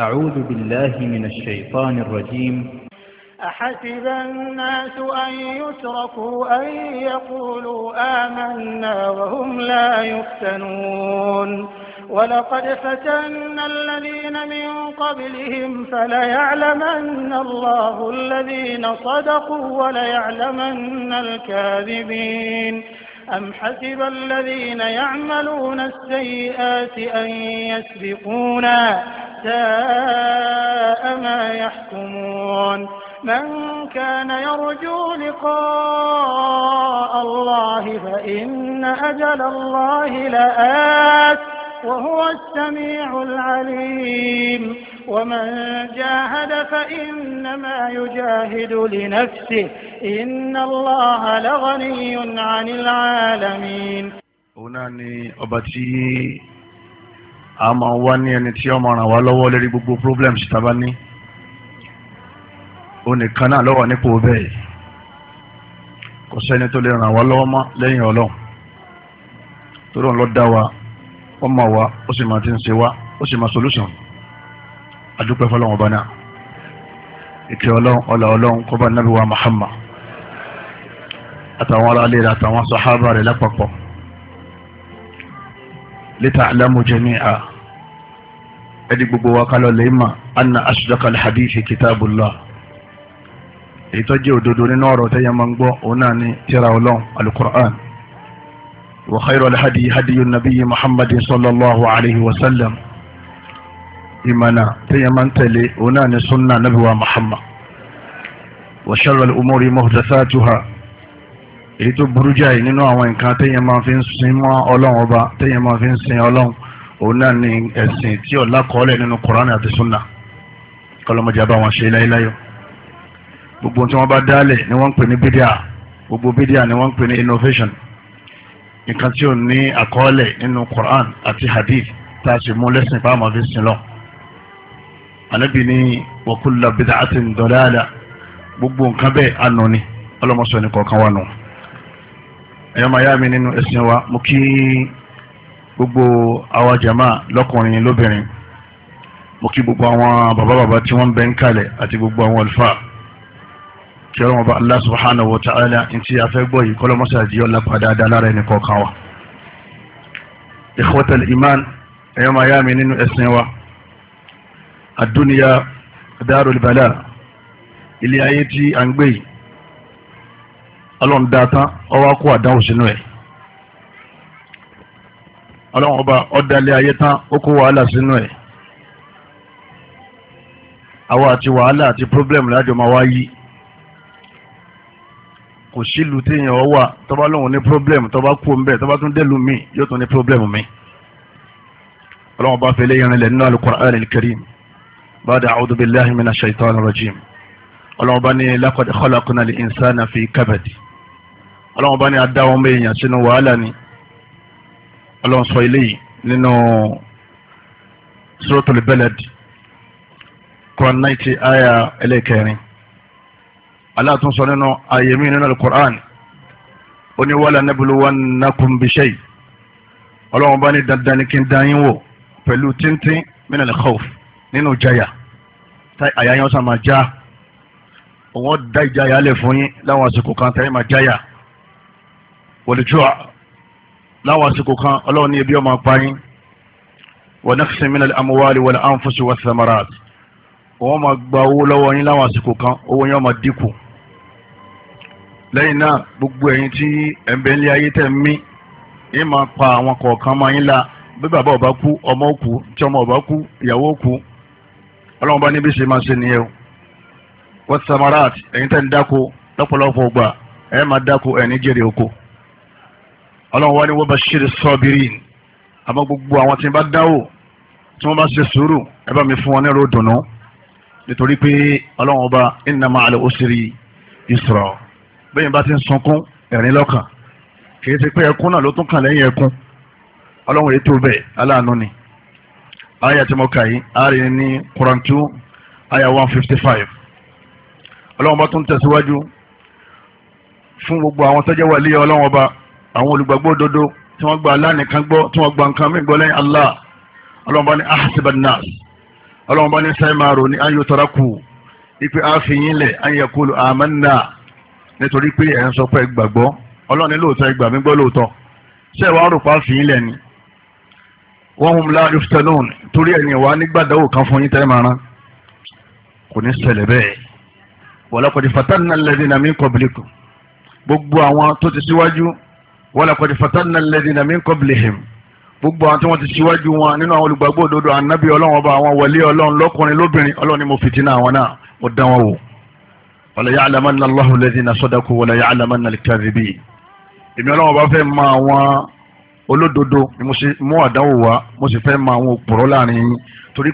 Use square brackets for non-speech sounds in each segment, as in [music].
أعوذ بالله من الشيطان الرجيم أحسب الناس أن يتركوا أن يقولوا آمنا وهم لا يفتنون ولقد فتنا الذين من قبلهم فليعلمن الله الذين صدقوا وليعلمن الكاذبين أم حسب الذين يعملون السيئات أن يسبقونا ساء ما يحكمون من كان يرجو لقاء الله فإن أجل الله لآت وهو السميع العليم ومن جاهد فإنما يجاهد لنفسه إن الله لغني عن العالمين هنا أبتي a máa wá ní ẹni tí ó máa ràn wá lọ́wọ́ lórí gbogbo problems tábà ní onìkan náà lọ́wọ́ nípò bẹ́ẹ̀ kò sẹ́ni tó lè ràn wá lọ́wọ́ mọ́ lẹ́yìn ọlọ́run tó lóun lọ dá wa ó mọ̀ wá ó sì máa ti ń ṣe wá ó sì máa solution adúpẹ́ fọlọ́run ọba náà ìkẹ́ ọlọ́run ọlà ọlọ́run kọ́ba nàbí wa Muhammad àtàwọn aráalé rẹ̀ àtàwọn sàhábà rẹ̀ lápapọ̀ lita'lamu jami'a ẹni gbogbo wa kálọ̀ lè mà anna asudaka alhadithi kitabullah èyí tó jẹ́ òdodo nínú ọ̀rọ̀ tẹ́yẹ máa ń gbọ́ òun náà ni tírà ọlọ́run alukur'an wa khayru alhadi hadiyu nabiyyi muhammadin sallallahu alayhi wa sallam ìmọ̀nà tẹ́yẹ máa ń tẹ̀lé òun náà ni sunna nabiwa muhammad wa sharru al-umuri muhdathatuha èyí tó burú jáì nínú àwọn nǹkan tẹ́yẹ máa fi ń sin mọ́ ọlọ́run ọba tẹ́yẹ máa fi ń sin ọlọ́run òun náà ni ẹ̀sìn tí ọ̀la kọ́ọ́lẹ̀ nínú Kùránì àti súnà kọlọ́mọdé bá wọn ṣe láéláyò gbogbo tí wọ́n bá dálẹ̀ ni wọ́n ń pè ní bidia gbogbo bídíà ni wọ́n ń pè ní innovation nǹkan tí ò ní àkọọ́lẹ̀ nínú Quran àti hadith tá a sì mú lẹ́sìn bá àwọn fi sin lọ. ànábì ní wa kullu bid'atin dalalah gbogbo nǹkan bẹ́ẹ̀ àná ni ọlọ́mọsọ wà nù. ẹ̀yọ́ màá yá mi nínú ẹ̀sìn wa mo kí í gbogbo àwa jama lọ́kùnrin lóbìnrin mo kí gbogbo àwọn bàbá bàbá tí wọ́n ń bẹ ń kalẹ̀ àti gbogbo àwọn àlùfáà kí ọlọ́run bá Allah subhanahu wa ta'ala ntí afẹ́ gbọ́ yìí kọ́lọ́mọ́sá di ọ̀la padà dá lára ẹni kọ̀ọ̀kan wa. ikhwatal iman ẹ̀yọ́ máa yá mi nínú ẹ̀sìn wa àdúnìyà darul bala ilé ayé tí à ń gbé yìí ọlọ́run dáa tán ọwọ́ kó àdáhùn sínú ẹ̀ ọlọ́run ọba ọ̀dàlẹ̀ ayé tán ó kó wàhálà sínú ẹ̀ àwa àti wàhálà àti problem lájọ máa wá yí kò sílùú téèyàn ọ wà tó bá lóun ní problem tó bá kú òǹbẹ tó bá tún dẹ́lu mi yóò tún ní problem mi ọlọ́run ọba fẹlẹ́ yẹn rìnlẹ̀ nínú al-Qur'an al-Karim ba'da a'udhu billahi minash shaitanir ọlọ́run ọba ní laqad khalaqnal insana fi kabad ọlọ́run ọba ní adáwọn ọmọ èèyàn sínú wàhálà ni ọlọ́run sọ eléyìí nínú suratul balad quran ninety aya ẹlẹ́kẹrin aláàtúnsọ nínú ayémi nínú alukur'an ó ní wala nabluwannakum bishai ọlọ́run bá ní dandan ní kí n dán yín wò pẹ̀lú tíntín min al-khawf nínú jaya àyà yẹn sàn máa já òun dá ìjà yà á lè fún yín láwọn àsìkò kan tẹ́lẹ̀ máa jáyà wal-ju' láwọn àsìkò kan ọlọ́run ní ebi ọmọ apáyín wa nafsin min al-amwali wal anfusi wa thamarat wọ́n máa gba owó lọ́wọ́ yín láwọn àsìkò kan owó yín máa dínkù lẹ́yìn náà gbogbo ẹ̀yin tí ẹ̀ǹbẹ̀ ńlẹ̀ ayé tẹ̀ ń mí yín máa pa àwọn kọ̀ọ̀kan máa yín la bí bàbá ọba kú ọmọ kú tí ọmọ ọba kú ìyàwó kú ọlọ́run bá níbi ṣe máa ṣe nìyẹn o wa thamarat ẹ̀yin tẹ̀ ń dáko lọ́pọ̀lọpọ̀ gbà ẹ̀ máa dáko ẹ̀ ní jèrè oko ọlọ́run wá ní wọ́n bá ṣírí sọ́ọ́bìrì àmọ́ gbogbo àwọn tí ń bá dáwò tí wọ́n bá ṣe sùúrù ẹ bá mi fún wọn ní ẹ̀rọ dùnú nítorí pé ọlọ́run ọba inna ma'al usri yusra bẹ́yìn bá ti ń sunkún ẹ̀rín lọ́kàn kì í ṣe pé ẹkún náà ló tún kàn lẹ́yìn ẹkún ọlọ́run ètò bẹ́ẹ̀ aláàánú ni aya tí mo kà yìí aya ní Quran two aya one fifty five ọlọ́run bá tún tẹ̀síwájú fún gbogbo àwọn tọ́jọ́ wà lé ọlọ́run ọba àwọn olùgbàgbọ́ òdodo tí wọ́n gba Allah nìkan gbọ́ tí wọ́n gba nǹkan mí gbọ́ lẹ́yìn Allah ọlọ́run bá ní ahasiba nas ọlọ́run bá ní sẹ́màrò ní ayò tọ́rakù ipe àfihìn lẹ̀ ayẹ̀kulu amanna nítorí pé ẹ̀ ń sọ pé gbàgbọ́ ọlọ́run ní lóòótọ́ ìgbà mi gbọ́ lóòótọ́ ṣé ìwà àrùpá fìyín lẹ̀ ni wọ́n hùm la yuftanun torí ẹ̀yìn wa nígbàdáwò kan fún yín tẹ́ kò ní ṣẹlẹ̀ bẹ́ẹ̀ walaqad fatanna alladhina min qablikum gbogbo àwọn tó ti síwájú walaqad fatanna alladhina min qablihim gbogbo àwọn tí wọ́n ti ṣíwájú wọn nínú àwọn olùgbàgbọ́ òdodo ànábì ọlọ́run ọba àwọn wọlé ọlọ́run lọ́kùnrin lóbìnrin ọlọ́run ni mo fìtínà àwọn náà mo dán wọn wò wala ya'lamanna Allahu alladhina sadaqu wala ya'lamanna al-kadhibin èmi ọlọ́run ọba fẹ́ mọ àwọn olódodo ni mo ṣe mú àdánwò wá mo sì fẹ́ mọ àwọn òpùrọ́ láàrin yín torí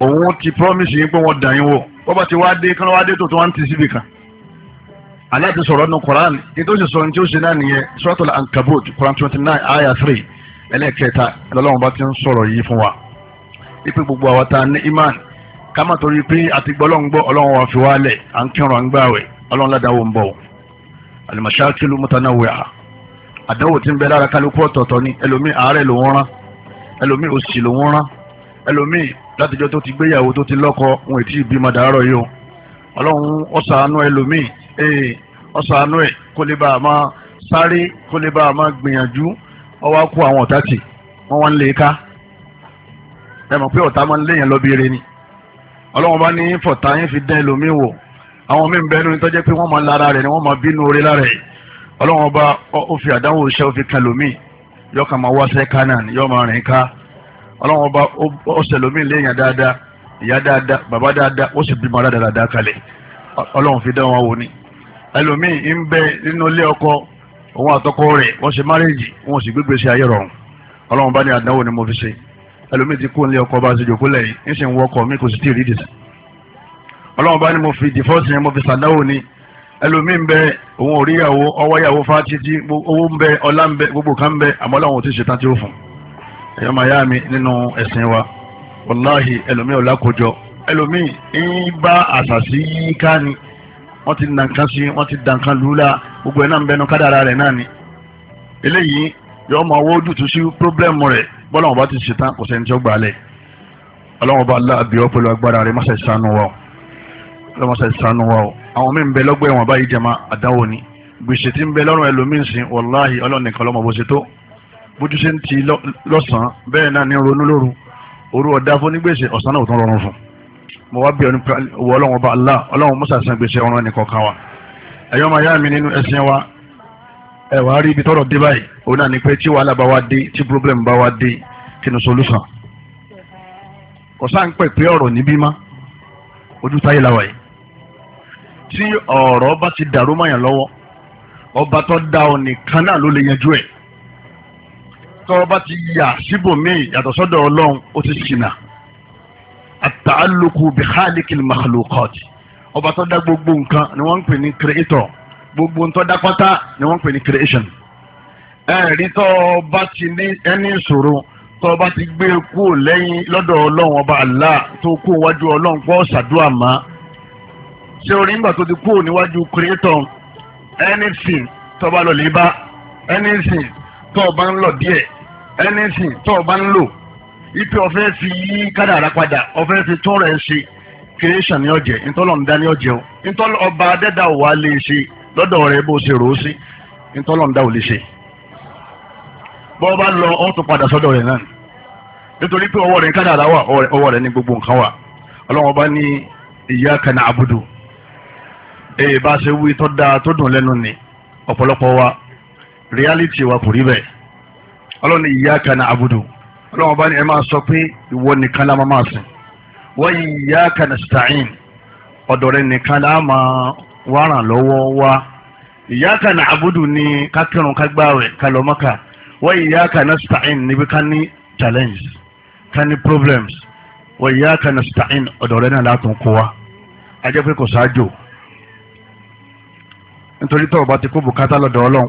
òun ti promise yín pé wọ́n dà yín wò wọ́n bá ti wá dé kán wá dé tó tó wá ti síbi kan Allah ti sọ̀rọ̀ nù Quran kí tó sì sọ ní tí ó ṣe náà nìyẹn Suratul Ankabut Quran twenty nine ayah three ẹlẹ́ẹ̀kẹta lọ́lọ́run bá ti ń sọ̀rọ̀ yìí fún wa ipe gbogbo àwa ta ní iman ká má torí pé àti gbọ́ ọlọ́run gbọ́ ọlọ́run wa fi wálẹ̀ à ń kírun à ń gbààwẹ̀ ọlọ́run ládàáwò ń bọ̀ o al-mashakilu mutanawwi'a àdánwò tí ń bẹ lára kálukú ọ̀tọ̀ọ̀tọ̀ ni ẹlòmíì àárẹ̀ ló ń rán ẹlòmíì òṣì ló ń rán ẹlòmíì látijọ́ tó ti gbéyàwó tó ti lọ́kọ wọn ètí ìbímọ dàárọ̀ yìí o ọlọ́run ọ̀sánú ẹlòmíì ee ọ̀sánú ẹ̀ kó lè bá a máa sáré kó lè bá a máa gbìyànjú ọwọ́ kó àwọn ọ̀tá tì wọ́n wá ń lè e ká ẹ mọ̀ pé ọ̀tá máa ń léèyàn lọ́bìire ni ọlọ́run bá ní fọ̀tá yín fi dán ẹlòmíì wò àwọn míì ń bẹ nínú tọ́jẹ́ pé wọ́n máa lára rẹ̀ ni wọ́n máa bínú orí lára rẹ̀ ọlọ́run bá ó fi àdánwò iṣẹ́ ó fi kan ẹlòmíì yọ ọlọ́run ọba ọ̀sẹ̀ lómi léèyàn dáadáa ìyá dáadáa bàbá dáadáa ó sì bímọ dáadáa kalẹ̀ ọlọ́run fi dá wọn wò ni ẹlòmíì ń bẹ nínú ilé ọkọ òun àtọkọ rẹ̀ wọ́n ṣe márẹ́jì wọ́n sì gbégbé ṣe ayé rọrùn ọlọ́run bá ní àdánwò ni mo fi ṣe ẹlòmíì ti kó nílé ọkọ bá ṣe jòkó lẹ́yìn ń sì ń wọkọ̀ mi kò sì tí ì rí dìsí ọlọ́run bá ní mo fi dìfọ́sì yẹn mo fi ṣàdánwò ni ẹlòmíì ń bẹ òun ò ríyàwó ọwọ́ owó ń bẹ ọlá ń bẹ gbogbo kan ń ẹ̀yọ́ máa yá nínú ẹ̀sìn wa wàláhì ẹlòmíì ò lákòjọ ẹlòmíì ń bá àṣàṣì yí ká ni wọ́n ti nà nǹkan sí wọ́n ti dà nǹkan lùúlà gbogbo ẹ̀ náà ń bẹnu kádàrà rẹ̀ náà ni eléyìí yọ máa wọ́ ojútùú sí pírọ́blẹ́mù rẹ̀ bọ́lá wọn bá ti ṣetán kò sẹ́ni tí ó gbà á lẹ̀ ọlọ́wọ́n bá láàbì ọ́ pẹ̀lú agbára rẹ̀ máṣe sànù wa o ọlọ́mọṣẹ́ wa o àwọn mí ń bẹ lọ́gbẹ̀ẹ́ wọn báyìí jẹ́ máa àdáwò ni gbèsè tí ń bẹ lọ́rùn ẹlòmíì sìn wàláhì ọlọ́ọ̀nìkan lọ́mọ bó ṣe tó bójú ṣe ń ti lọ́sàn-án bẹ́ẹ̀ náà ní ronú lóru òru ọ̀dà fún nígbèsè ọ̀sán náà ò tún rọrùn fún mo wá bí ọ nípa wọ ọlọ́run bá Allah ọlọ́run musa san gbèsè ọ̀run ẹnì kọ̀ọ̀kan wa ẹ̀yọ́ máa yá mi nínú ẹ̀sìn wa ẹ̀ wá rí ibi tọ́rọ̀ dé báyìí òun náà ni pé tí wàhálà bá wá dé tí problem bá wá dé kí ni solution kò sáà ń pè pé ọ̀rọ̀ níbí má ojú táyé la wà yìí tí ọ̀rọ̀ bá ti dàrú mọ́yàn lọ́wọ́ ọba tó dá ọ nìkan náà ló lè yanjú ẹ̀ tọ́ bá ti yà síbòmíì yàtọ̀ sọ́dọ̀ ọlọ́run ó ti ṣìnà àtàlùkù bí hàlìkìlì màlúkọ́tì ọba tó dá gbogbo nǹkan ni wọ́n ń pè ní creator gbogbo ń tó dá pátá ni wọ́n ń pè ní creation ẹ̀rí tọ́ bá ti ní ẹni ìṣòro tọ́ bá ti gbé e kú lẹ́yìn lọ́dọ̀ ọlọ́run ọba Allah tó kú wájú ọlọ́run pọ́ ṣàdúrà má ṣé orí ńgbà tó ti kú níwájú creator anything tọ́ bá lọ lè bá anything tọ́ bá ń lọ díẹ̀ anything tó o bá ń lò ipe ọ̀fẹ́ fi yí kádàrá padà ọ̀fẹ́ fi tọrọ ẹ̀ ṣe creation ni ọ̀jẹ̀ ntọ́lọ̀ ń dání ọ̀jẹ̀ o ntọ́lọ̀ ọba adẹ́dà ò wá lè ṣe lọ́dọ̀ rẹ̀ bó ṣe rò ó sí ntọ́lọ̀ ń dá ò lè ṣe bọ́ bá lọ ọ́ tún padà sọ́dọ̀ rẹ̀ náà nítorí pé ọwọ́ rẹ̀ ń kádàrá wà ọwọ́ rẹ̀ ní gbogbo nǹkan wà ọlọ́wọ́n bá ní iyyaka na'budu èyí bá ṣe wí tó dáa tó dùn lẹ́nu ni ọ̀pọ̀lọpọ̀ wa reality wa kò rí bẹ́ẹ̀ ọlọ́run ní iyyaka na'budu ọlọ́run ọba ni ẹ máa sọ pé ìwọ nìkan la máa sìn wa iyyaka nasta'in ọ̀dọ̀ rẹ nìkan la máa wá ràn lọ́wọ́ wá iyyaka na'budu ní kákírun kágbáwẹ̀ kálọ́mọ́kà wa iyyaka nasta'in níbi ká ní challenge ká ní problems wa iyyaka nasta'in ọ̀dọ̀ rẹ náà látún kó wa ajẹ́ pé kò sáájò nítorí tọ́wọ́ bá ti kó bùkátà lọ́dọ̀ ọlọ́run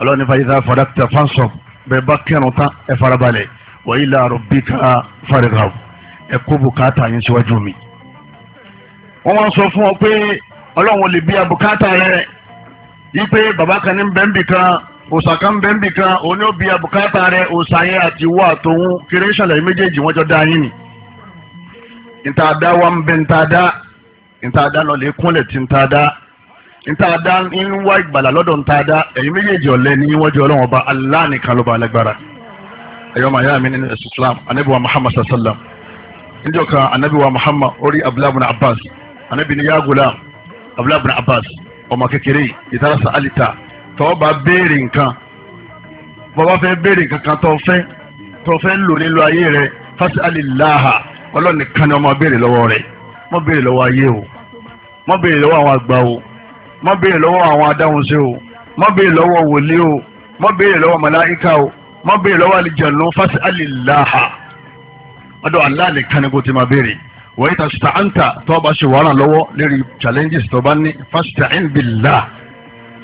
ọlọ́ni fàyíṣà fàdákítà fáńsọ bẹ́ẹ̀ bá kẹrùn tán ẹ farabalẹ̀ wa ila rabbika farighaw ẹ kó bùkátà yín síwájú mi. wọ́n wá ń sọ fún ọ pé ọlọ́run lè bí abùkátà rẹ yí pé bàbá kan ní bẹ́ńbì kan òòsà kan bẹ́ńbì kan òní ó bí abùkátà rẹ òòsà yẹn àti wọ́ àtòun kéré ṣàlàyé méjèèjì wọ́n jọ dá yín ni. ìtàdá wa ń bẹ ìtàdá ìtàdá lọ lè kúnlẹ̀ tí ìtàdá ntaada ń wá ìgbàlà lọ́dọ̀ ntaada ẹ̀yin méjèèjì ọ̀lẹ́ ní wọ́jú ọlọ́run ọba Allah nìkan ló ba alágbára ẹ̀yọ́ màá yá mi nínú ẹ̀sùn Islam anabi wa Muhammad sallam níjọ́ kan anabi wa Muhammad orí Abdullah ibn Abbas anabi ni ya gulam Abdullah Abbas ọmọ kékeré ìtara alita tọ́ bá béèrè nǹkan bọ́bá fẹ́ béèrè kankan tọ́ fẹ́ tọ́ fẹ́ lò nílò ayé rẹ fas'alillaha ọlọ́run nìkan ni ọmọ béèrè lọ́wọ́ rẹ̀ mọ́ béèrè lọ́wọ́ ayé o mọ́ béèrè lọ́wọ́ àwọn àgbà o má béèrè lọ́wọ́ àwọn adáhunṣe o má béèrè lọ́wọ́ wòlé o má béèrè lọ́wọ́ màláíkà o má béèrè lọ́wọ́ àlìjànú fásitì àlìláha ọ̀dọ̀ Allah nìkan ni kò ti máa béèrè wọ́n yìí tàṣítà àǹtà tó o bá ṣe wàhálà lọ́wọ́ lérí challenges tó o bá ní fasta'in billah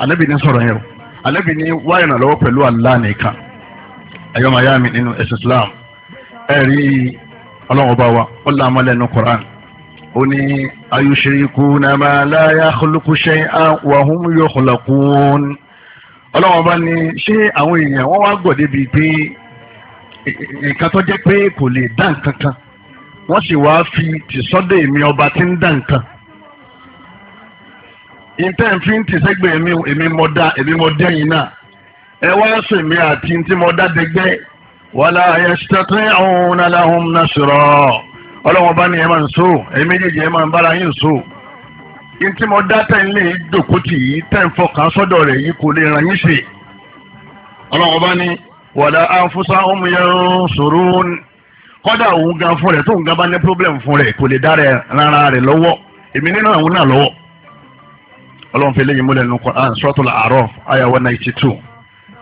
alẹ́bí ní sọ̀rọ̀ yẹn o alẹ́bí ní wáyà náà lọ́wọ́ pẹ̀lú Allah nìkan ayọ́mọ̀ ayá mi nínú ẹ̀sìn Islam ẹ̀rí ọlọ́run ọba wa ó lámọ́ ó ní ayushirikuna ma la yakhluqu shay'an wa hum yukhlaqun ọlọ́wọ́n bá ní ṣé àwọn èèyàn wọ́n wá gbọ̀dé bíi pé nǹkan tó jẹ́ pé kò lè dá nǹkan kan wọ́n sì wá fi tìsọ́dọ̀ èmi ọba tí ń dá nǹkan ìtẹ́ ń fi ń tìsẹ́gbẹ̀ èmi èmi mọ dá èmi mọ dẹ́yìn náà ẹ wá sọ èmi àti tí mo dá dẹgbẹ́ wala yastati'una lahum nasra ọlọ́wọ́n bá ní ẹ máa ń so ẹ̀yin méjèèjì ẹ máa ń bára yín so yín tí mo dá tẹ̀ ń lè dòkó tì yí tẹ̀ ń fọkàn sọ́dọ̀ rẹ̀ yìí kò lè ràn yín ṣe ọlọ́wọ́n bá ní wàdà àfúsá ọmọ yẹn sòrò kọ́dà òun gan fún rẹ̀ tóun gan bá ní pírọ́blẹ̀mù fún rẹ̀ kò lè dá rẹ̀ rárá rẹ̀ lọ́wọ́ èmi nínú àwọn náà lọ́wọ́ ọlọ́run fi léyìn múlẹ̀ nù Qur'an Suratul A'raf àyà one ninety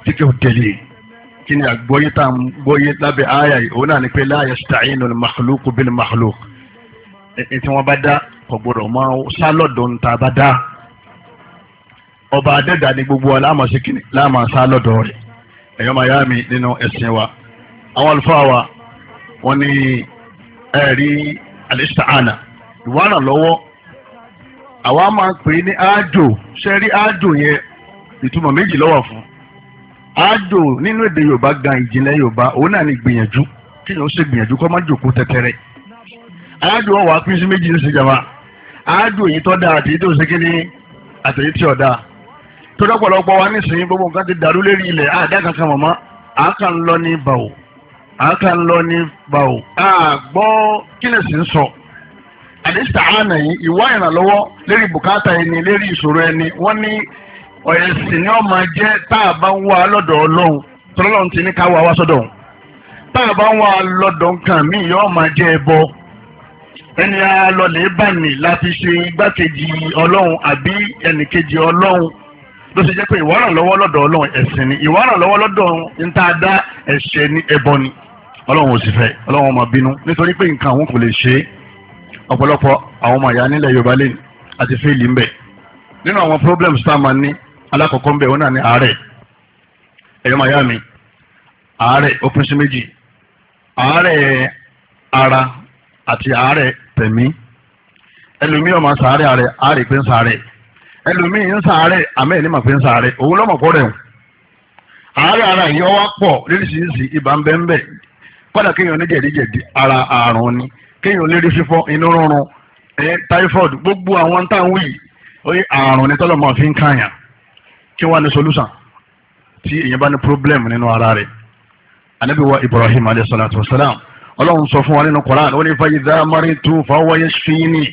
fíkẹ́ òtẹ́lẹ̀ kí ni àgbọ́yé tá à ń gbọ́yé lábẹ́ àyà yìí òun náà ni pé la yasta'inu al-makhluqu bil-makhluq ẹ tí wọ́n bá dá kò gbọ́dọ̀ máa sá lọ́dọ̀ ń ta bá dá ọba adẹ́dà ni gbogbo wa láàmà sí kìnnì láàmà sá lọ́dọ̀ rẹ̀ ẹ̀yọ́ máa yá mi nínú ẹ̀sìn wa àwọn àlùfáà wa wọ́n ní ẹ̀rí al-isti'ana ìwárà àwa máa ń pè é ní áàjò ṣẹ́rí áàjò yẹn ìtumọ̀ méjì ló wà fún àádò nínú èdè yorùbá gan ìjìnlẹ̀ yorùbá òun náà ni gbìyànjú kí ni ó ṣe gbìyànjú kó má jòkó tẹ́tẹ́rẹ́ àádò ọwọ́ apín sí méjì ní ìṣèjọba àádò èyí tó dáa àtèyí tó ṣe kí ni àtèyí tí ò dáa tó dọ́pọ̀lọpọ̀ wa nísìnyí gbogbo nǹkan ti dàrú lérí ilẹ̀ àdá kankan mọ̀mọ́ àáká ń lọ ní bàwò àáká ń lọ ní bàwò àgbọ́ kí ni sì ń sọ àdéṣà àánà yìí ìwá ìrànlọ́wọ́ lérí bùkátà ẹni lérí ìṣòro ẹni wọ́n ní ọ̀yẹ̀ sì ni ọmọ jẹ́ tá a bá ń wá lọ́dọ̀ ọlọ́run tọ́lọ́run ti ní ká wá wá sọ́dọ̀ tá a bá ń wá lọ́dọ̀ nǹkan míì yọ ọmọ jẹ́ ẹbọ ẹni alọ́lẹ̀ bàní láti ṣe igbákejì ọlọ́run àbí ẹnìkejì ọlọ́run ló ṣe jẹ́ pé ìwárànlọ́wọ́ lọ́dọ̀ ọlọ́run ẹ̀sìn ni ìwárànlọ́wọ́ lọ́dọ̀ ntaada ẹ̀ṣẹ̀ ni ẹbọ ni ọlọ́run ò sì fẹ́ ọlọ́run ọmọ bínú nítorí pé nǹkan àwọn kò lè ṣe é ọ̀pọ̀lọpọ̀ àwọn ọmọ ìyá nílẹ̀ yorùbá lẹ́yìn àti fẹ́ẹ̀lì ń bẹ nínú àwọn problems tá a máa ní alákọ̀ọ́kọ́ ń bẹ̀ wọn náà ní àárẹ̀ ẹ̀yọ́ màá yá àárẹ̀ ó sí méjì àárẹ̀ ara àti àárẹ̀ tẹ̀mí ẹlòmíì ọmọ sàárẹ̀ àárẹ̀ àárẹ̀ pé ń sàárẹ̀ ẹlòmíì ń sàárẹ̀ àmẹ́ ẹ̀ ní màá pé ń sàárẹ̀ òun lọ́mọ̀ kọ́ rẹ̀ àárẹ̀ ara yìí ọwọ́ pọ̀ lóríṣiríṣi ibà ń bẹ́ ń bẹ̀ kọ́dà kéèyàn ní jẹ̀díjẹ̀dí ara àrùn ni kéèyàn lérí fífọ́ inú rúnrún ẹ̀ táífọ́ọ̀dù gbogbo àwọn táwọn yìí àrùn ni tọ́lọ́mọ fi ń kàyàn kí wọ́n ní solution tí èyàn bá ní problem nínú ara rẹ̀ anabi wa ibrahim alayhi salatu wa salam ọlọ́run sọ fún wa nínú koran ó ní fa idha maritu fa huwa yashfini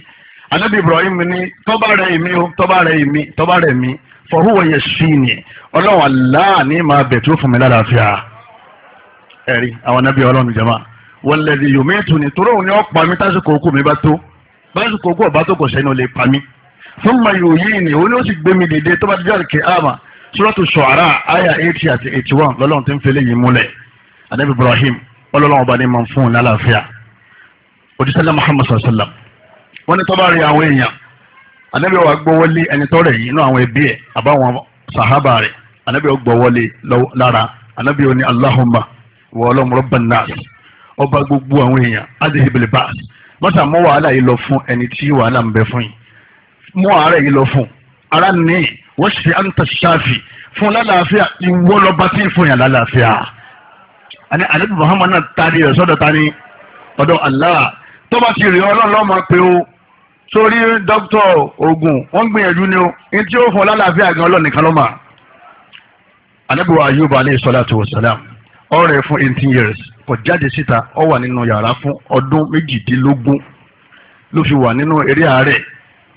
anabi ibrahim ní tọ́ba rẹ̀ èmi o tọ́ba rẹ̀ èmi tọ́ba rẹ̀ mi fa huwa yashfini ọlọ́run Allah ní máa bẹ̀ tó fún mi lálàáfíà ẹ̀rí àwọn anabi ọlọ́run jama walladhi yumituni tóró òun ni ọ̀pá mi tásìkò òkú mi bá tó básìkò òkú ọ̀bá tó kò sẹ́ni ó lè pa mí fún mayu yìí ni òun yóò sì gbé mi dìde tó bá dijọ́ àdìkẹ́ àmà suratu shu'ara àyà eighty àti eighty one lọ́lọ́run ti ń fẹlẹ́ yìí múlẹ̀ anabi ibrahim ọlọ́run ọba ni máa fún un lálàáfíà òdìsẹ́lẹ̀ muhammad sallam wọ́n ní tọ́ba rí àwọn èèyàn anabi wa gbọ́wọ́lé ẹni tọ́rẹ̀ yìí inú àwọn ẹbí ẹ̀ àbáwọn sàhábà rẹ̀ anabi wa gbọ́wọ́lé lára anabi wa ni allahumma wa ọlọ́run rabban ọba gbogbo àwọn èèyàn adéhìbìlì bá mọ́tà mọ́ wàhálà yìí lọ fún ẹni tí wàhálà ń bẹ fún yìí mú ara yìí lọ fún ara ní wọ́n ṣe àǹtà ṣáfì fún lálàáfíà ìwọ lọ́ba tí ì fún yàn lálàáfíà. àní àdébù muhammad náà taari rẹ̀ sọ́dọ̀ taari ọ̀dọ̀ allah tó bá ti rí ọlọ́run máa pe o sórí dókítà ogun wọ́n gbìyànjú ni o ní tí ó fún lálàáfíà gan ọlọ́run nìkan lọ́mà. àdébù ayuba aleyhi salatu wa salam ọ̀rẹ́ fún eighteen years kò jáde síta ọ wà nínú yàrá fún ọdún méjìdínlógún ló fi wà nínú eré àárẹ̀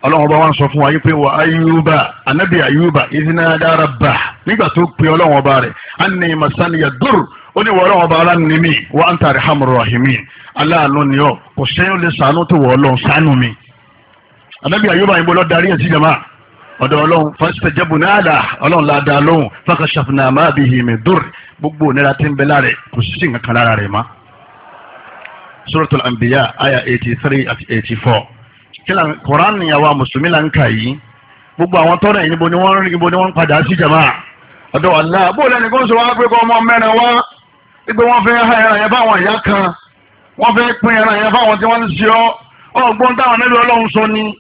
ọlọ́run ọba wa ń sọ fún wa yí pé wa ayuba anabi ayuba izina dara ba nígbà tó pe ọlọ́run ọba rẹ̀ anni masaniya dur ó ní wọ́n ọlọ́run ọba ara ni mí wa anta arhamur rahimin aláàánú ni ọ kò sẹ́yìn lè sànú tó wọ́ ọlọ́run sànú mi. anabi ayuba yìí bó lọ darí ẹ̀sìn jama ọ̀dọ̀ ọlọ́run fasitajabu náàlà ọlọ́run la dá lóhùn fakashafna ma bihi min dur gbogbo onira ti ń bẹ lára kò sí nǹkan lára rẹ̀ mọ́. suratul anbiya aya eighty three àti eighty four koran ni àwa mùsùlùmí là ń kà yìí gbogbo àwọn tọ́nà yìí níbo ni wọ́n rí níbo ni wọ́n padà sí jama ọ̀dọ̀ Allah bó lẹ́nu kó ń sọ wá pé kọ́ ọmọ mẹ́rin wá pé wọ́n fẹ́ ha ẹran yẹn fáwọn ìyá kan wọ́n fẹ́ pín ẹran yẹn fáwọn tí wọ́n ń ṣe ọ́ ọgbọ́n táwọn nílò ọlọ́run sọ ni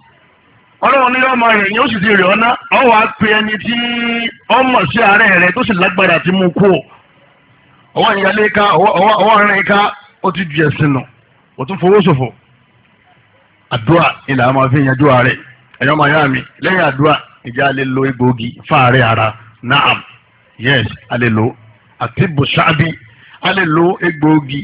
ọlọ́run ní ọmọ rẹ̀ yóò sì ti rẹ̀ ọ́ná ọ wàá pe ẹni tí ọmọ sí àárẹ̀ rẹ̀ tó sì lágbára ti mú kú ọwọ́ ìyálé ká ọwọ́ ìrìn ká ó ti ju ẹ̀sìn nù ó tún fowó ṣòfò àdúrà ilà máa fi yanjú ààrẹ ẹ̀yọ́ máa yá mi lẹ́yìn àdúrà ìjà lè lo egbòogi fáàrẹ́ ara naam yes a lè lo àtibù ṣáàbì a lè lo egbòogi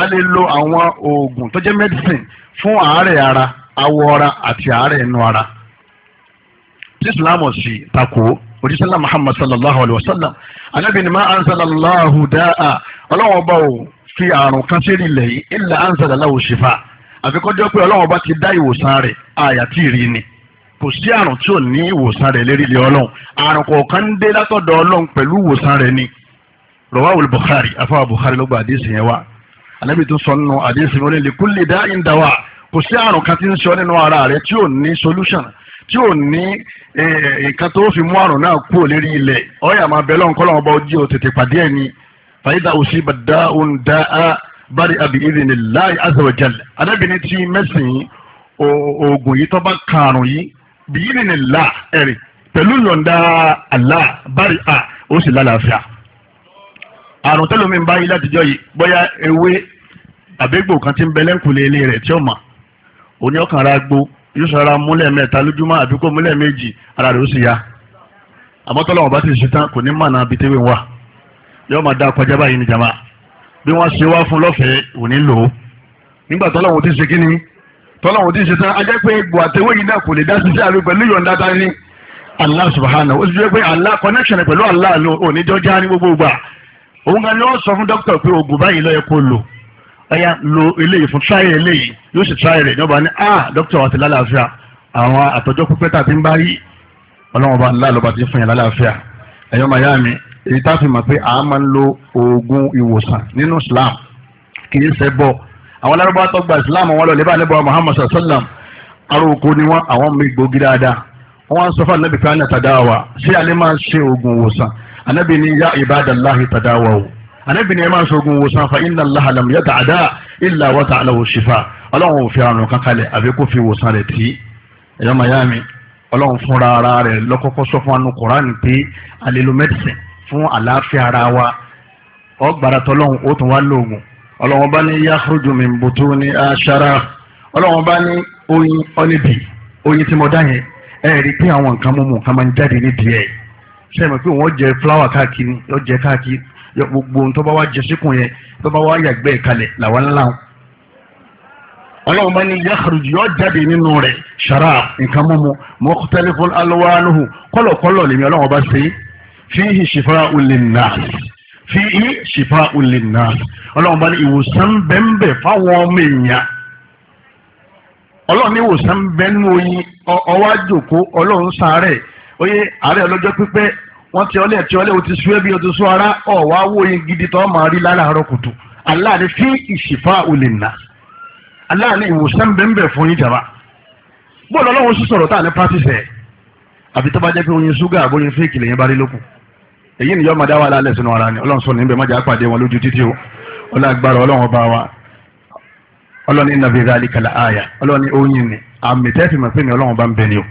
a lè lo àwọn oògùn tó jẹ́ medicine fún àárẹ̀ ara awọ ara àti àárẹ̀ inú ara tí islamu sì takò òjísàlá muhammad sallallahu alayhi wa sallam anabi ni máa ansalallahu dáa ọlọ́wọ́n bá o fi àrùn kan sí ilẹ̀ yìí illa ansalallahu shifa àfikọ́jọ́ pé ọlọ́run bá ti dá ìwòsàn rẹ̀ àyàtì rí ni kò sí àrùn tí ò ní ìwòsàn rẹ̀ lérí ilé ọlọ́run àrùn kọ̀ọ̀kan ń dé látọ̀dọ̀ ọlọ́run pẹ̀lú ìwòsàn rẹ̀ ni rọwáwò Bukhari afáwà Bukhari ló gba àdéhùn yẹn wá anábì tó sọ nínú àdéhùn wọn lè kúlè dá ìdáwà kò sí àrùn kan tí ń sọ nínú ara rẹ̀ tí ò ní solution tí ò ní nǹkan tó fi mú àrùn náà kúrò lérí ilẹ̀ ọ̀yà máa bẹ̀ lọ́nkọ́ lọ́wọ́ ojú tètè pàdé ẹ̀ fàyídà òsì bàdá òun dá bari àbí ìdìní láì azawajal adábìnrin tí mẹ́sìn oògùn yìí tó bá karùn-ún yìí bí ìdìní là ẹ̀rì pẹ̀lú yọ̀ǹda àlá bari à ó sì lálàáfíà àrùn tẹ́lómi ń bá yín látijọ́ yìí bóyá ewé àbẹ́gbò kan ti ń bẹ lẹ́ǹkùlé ilé rẹ̀ tí ó mọ̀ òní ọkàn ara gbó yóò sọ ara múlẹ̀ mẹ́ta lójúmọ́ àbí kó múlẹ̀ méjì ara rẹ̀ ó sì ya àmọ́ tọ́lọ́wọ́n bá ti ṣe tán kò ní mọ̀nà abitẹ́wé wa yóò máa dá kọjá báyìí ní jama bí wọ́n ṣe wá fún lọ́fẹ̀ẹ́ òní lò ó nígbà tọ́lọ́wọ́n ti ṣe kíni tọ́lọ́wọ́n ti ṣe tán ajẹ́ pé egbò àtẹwé yìí náà kò lè dá ṣiṣẹ́ àlọ́ pẹ̀lú yọ̀ǹda ta ni Allah subhanahu ó sì jẹ́ pé Allah connection pẹ̀lú Allah ló òní jọjá ní gbogbo ìgbà òun gan ni sọ fún dókítà pé oògùn báyìí ló kó lò ẹ̀yà lo eléyìí fún tíráyì eléyìí yóò sì tíráyì rẹ̀ ìjọba ní ah dókítà wa ti lálàáfíà àwọn àtọ́jọ́ pípẹ́ tà ti ń bá rí ọlọ́wọ́n bá ńlá lọ́ba ti fún yẹn lálàáfíà ẹ̀yọ́ màyá mi èyí tá a fi mọ̀ pé a máa ń lo oògùn ìwòsàn nínú islam kì í ṣe bọ́ àwọn alárúbáwá tó gba islam wọn lọ lè bá ànábì muhammad sallam aróko ni wọn àwọn mi gbòógì dáadáa wọn sọ fún ànábì pé àná tàdáwà ṣé alẹ́ máa ń ṣe oògùn ìwòsàn ànábì ní yá ibadallahi tàdáwà o ànábì ní ẹ máa ń ṣe oògùn ìwòsàn fa inna allaha lam yata'da illa wa ta'alahu shifa ọlọ́run fúnra ara rẹ̀ lọ́kọ́kọ́ sọ fún anu kọ́ránì pé alilu medicine fún àlàáfíà ara wa ọgbàrà tọlọ́hún ó tún wá lóògùn ọlọ́wọ́n bá ní yakhruju min butuni ashara ọlọ́wọ́n bá ní oyin ọ́nìbì oyin tí mo dá yẹn ẹ rí i pé àwọn nǹkan mímu nǹkan máa ń jáde nídìí ẹ̀ ṣe é mọ̀ pé wọ́n jẹ fúláwà káàkiri yọ jẹ káàkiri gbogbo ohun tó bá wá jẹ síkùn yẹn tó bá wá yàgbẹ́ ìkalẹ̀ làwọn ńlá wọn. ọlọ́wọ́n bá ní yakhruju yọ jáde nínú rẹ̀ ṣara nǹkan mímu mukhtalifun alwanuhu kọ́lọ̀kọ́lọ̀ lèmi ọlọ́wọ́n bá ṣe é fíhì shifa'un linnas fíhì shifa'un linnas ọlọ́run bá ní ìwòsàn bẹ́ńbẹ́ fáwọn ọmọ èèyàn ọlọ́run ní ìwòsàn bẹ́nu oyin ọwọ́ àjòkó ọlọ́run sàárẹ̀ oyè àárẹ̀ ọlọ́jọ́ pípẹ́ wọ́n ti ọlẹ́ ti ọlẹ́ o ti sú ẹbí o ti sú ara ọ̀wá wo oyin gidi tó máa rí lálàárọ̀ kùtù Allah ní fíhì shifa'un linnas Allah ní ìwòsàn bẹ́ńbẹ́ fún yín jàmbá bóòlù ọlọ́run sì tá àbí tó bá jẹ́ pé oyin ṣúgà àbóyin fíìkì lèyìn bá rí lókun èyí ni yọ́ọ́ máa dá wà lálẹ́ sínú ara ni ọlọ́run sọ níbẹ̀ májà pàdé wọn lójú títí o ọlọ́gbàrọ̀ ọlọ́run ọba wa ọlọ́run ní nàbí ìdálí kàlà àyà ọlọ́run oyin ni àmì tẹ́sí mọ̀ pé ni ọlọ́run bá ń bẹ ni o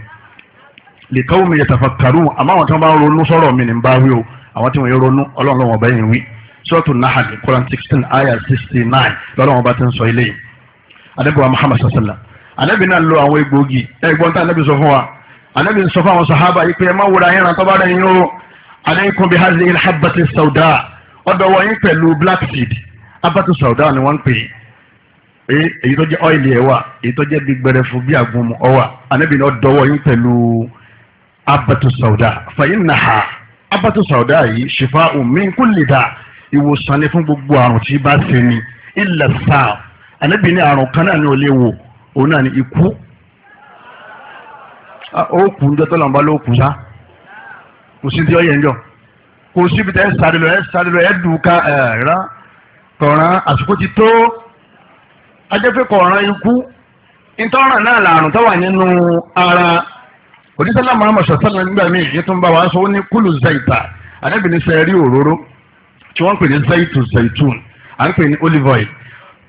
lìkàwù mi yatafakkarun àmọ́ àwọn tí wọ́n bá ń ronú sọ̀rọ̀ mi ní ń bá wí o àwọn tí wọ́n yẹ ronú ọlọ́run lọ́wọ́ bá yẹn wí sọ́ọ̀tù nahal quran sixteen aya sixty nine lọ́lọ́run bá ti ń sọ ilé yìí adébọ̀wá muhammad sassala anábì náà lo àwọn egbòogi ẹ̀gbọ́n tá anábì sọ fún wa anábì sọ fún àwọn sahaba yìí pé ẹ má wúra yẹn rántọ́ bá rẹ̀ yín o aleikum bi hazi ilhabati sauda ọ̀dọ̀ wọ̀nyí pẹ̀lú black seed abatu sauda ni wọ́n ń pè é èyí tó jẹ́ ọ́ìlì ẹ̀ wà èyí tó jẹ́ gbígbẹrẹ fún bí àgùnmu ọ̀wà anabi náà dọwọ́ yín pẹ̀lú abatu sauda fàyín nàá abatu sauda yìí ṣìfà min kulli dà ìwòsàn ni fún gbogbo àrùn tí bá ṣe ni illa sáà anabi ní àrùn kan náà ni ò lè wò òun náà ni ikú ó kù ń jẹ́ tọ́lọ́mbá ló kù sáà kò sí ti ọyẹ ń jọ kò síbi tẹ ẹ sáré lọ ẹ sáré lọ ẹ dùn ká ẹ rà kọ̀ọ̀ràn àsìkò ti tó ajẹ́pẹ́ kọ̀ọ̀ràn ikú ìtọ́ràn náà làrùn tó wà nínú ara òdísẹ́lá muhammed sọ̀tàn nígbà míì yìí tó ń bá wa sọ ó ní kúlù zaita anábìnrin sẹ́ rí òróró tí wọ́n ń pè ní zaitu zaitun à ń pè ní olive oil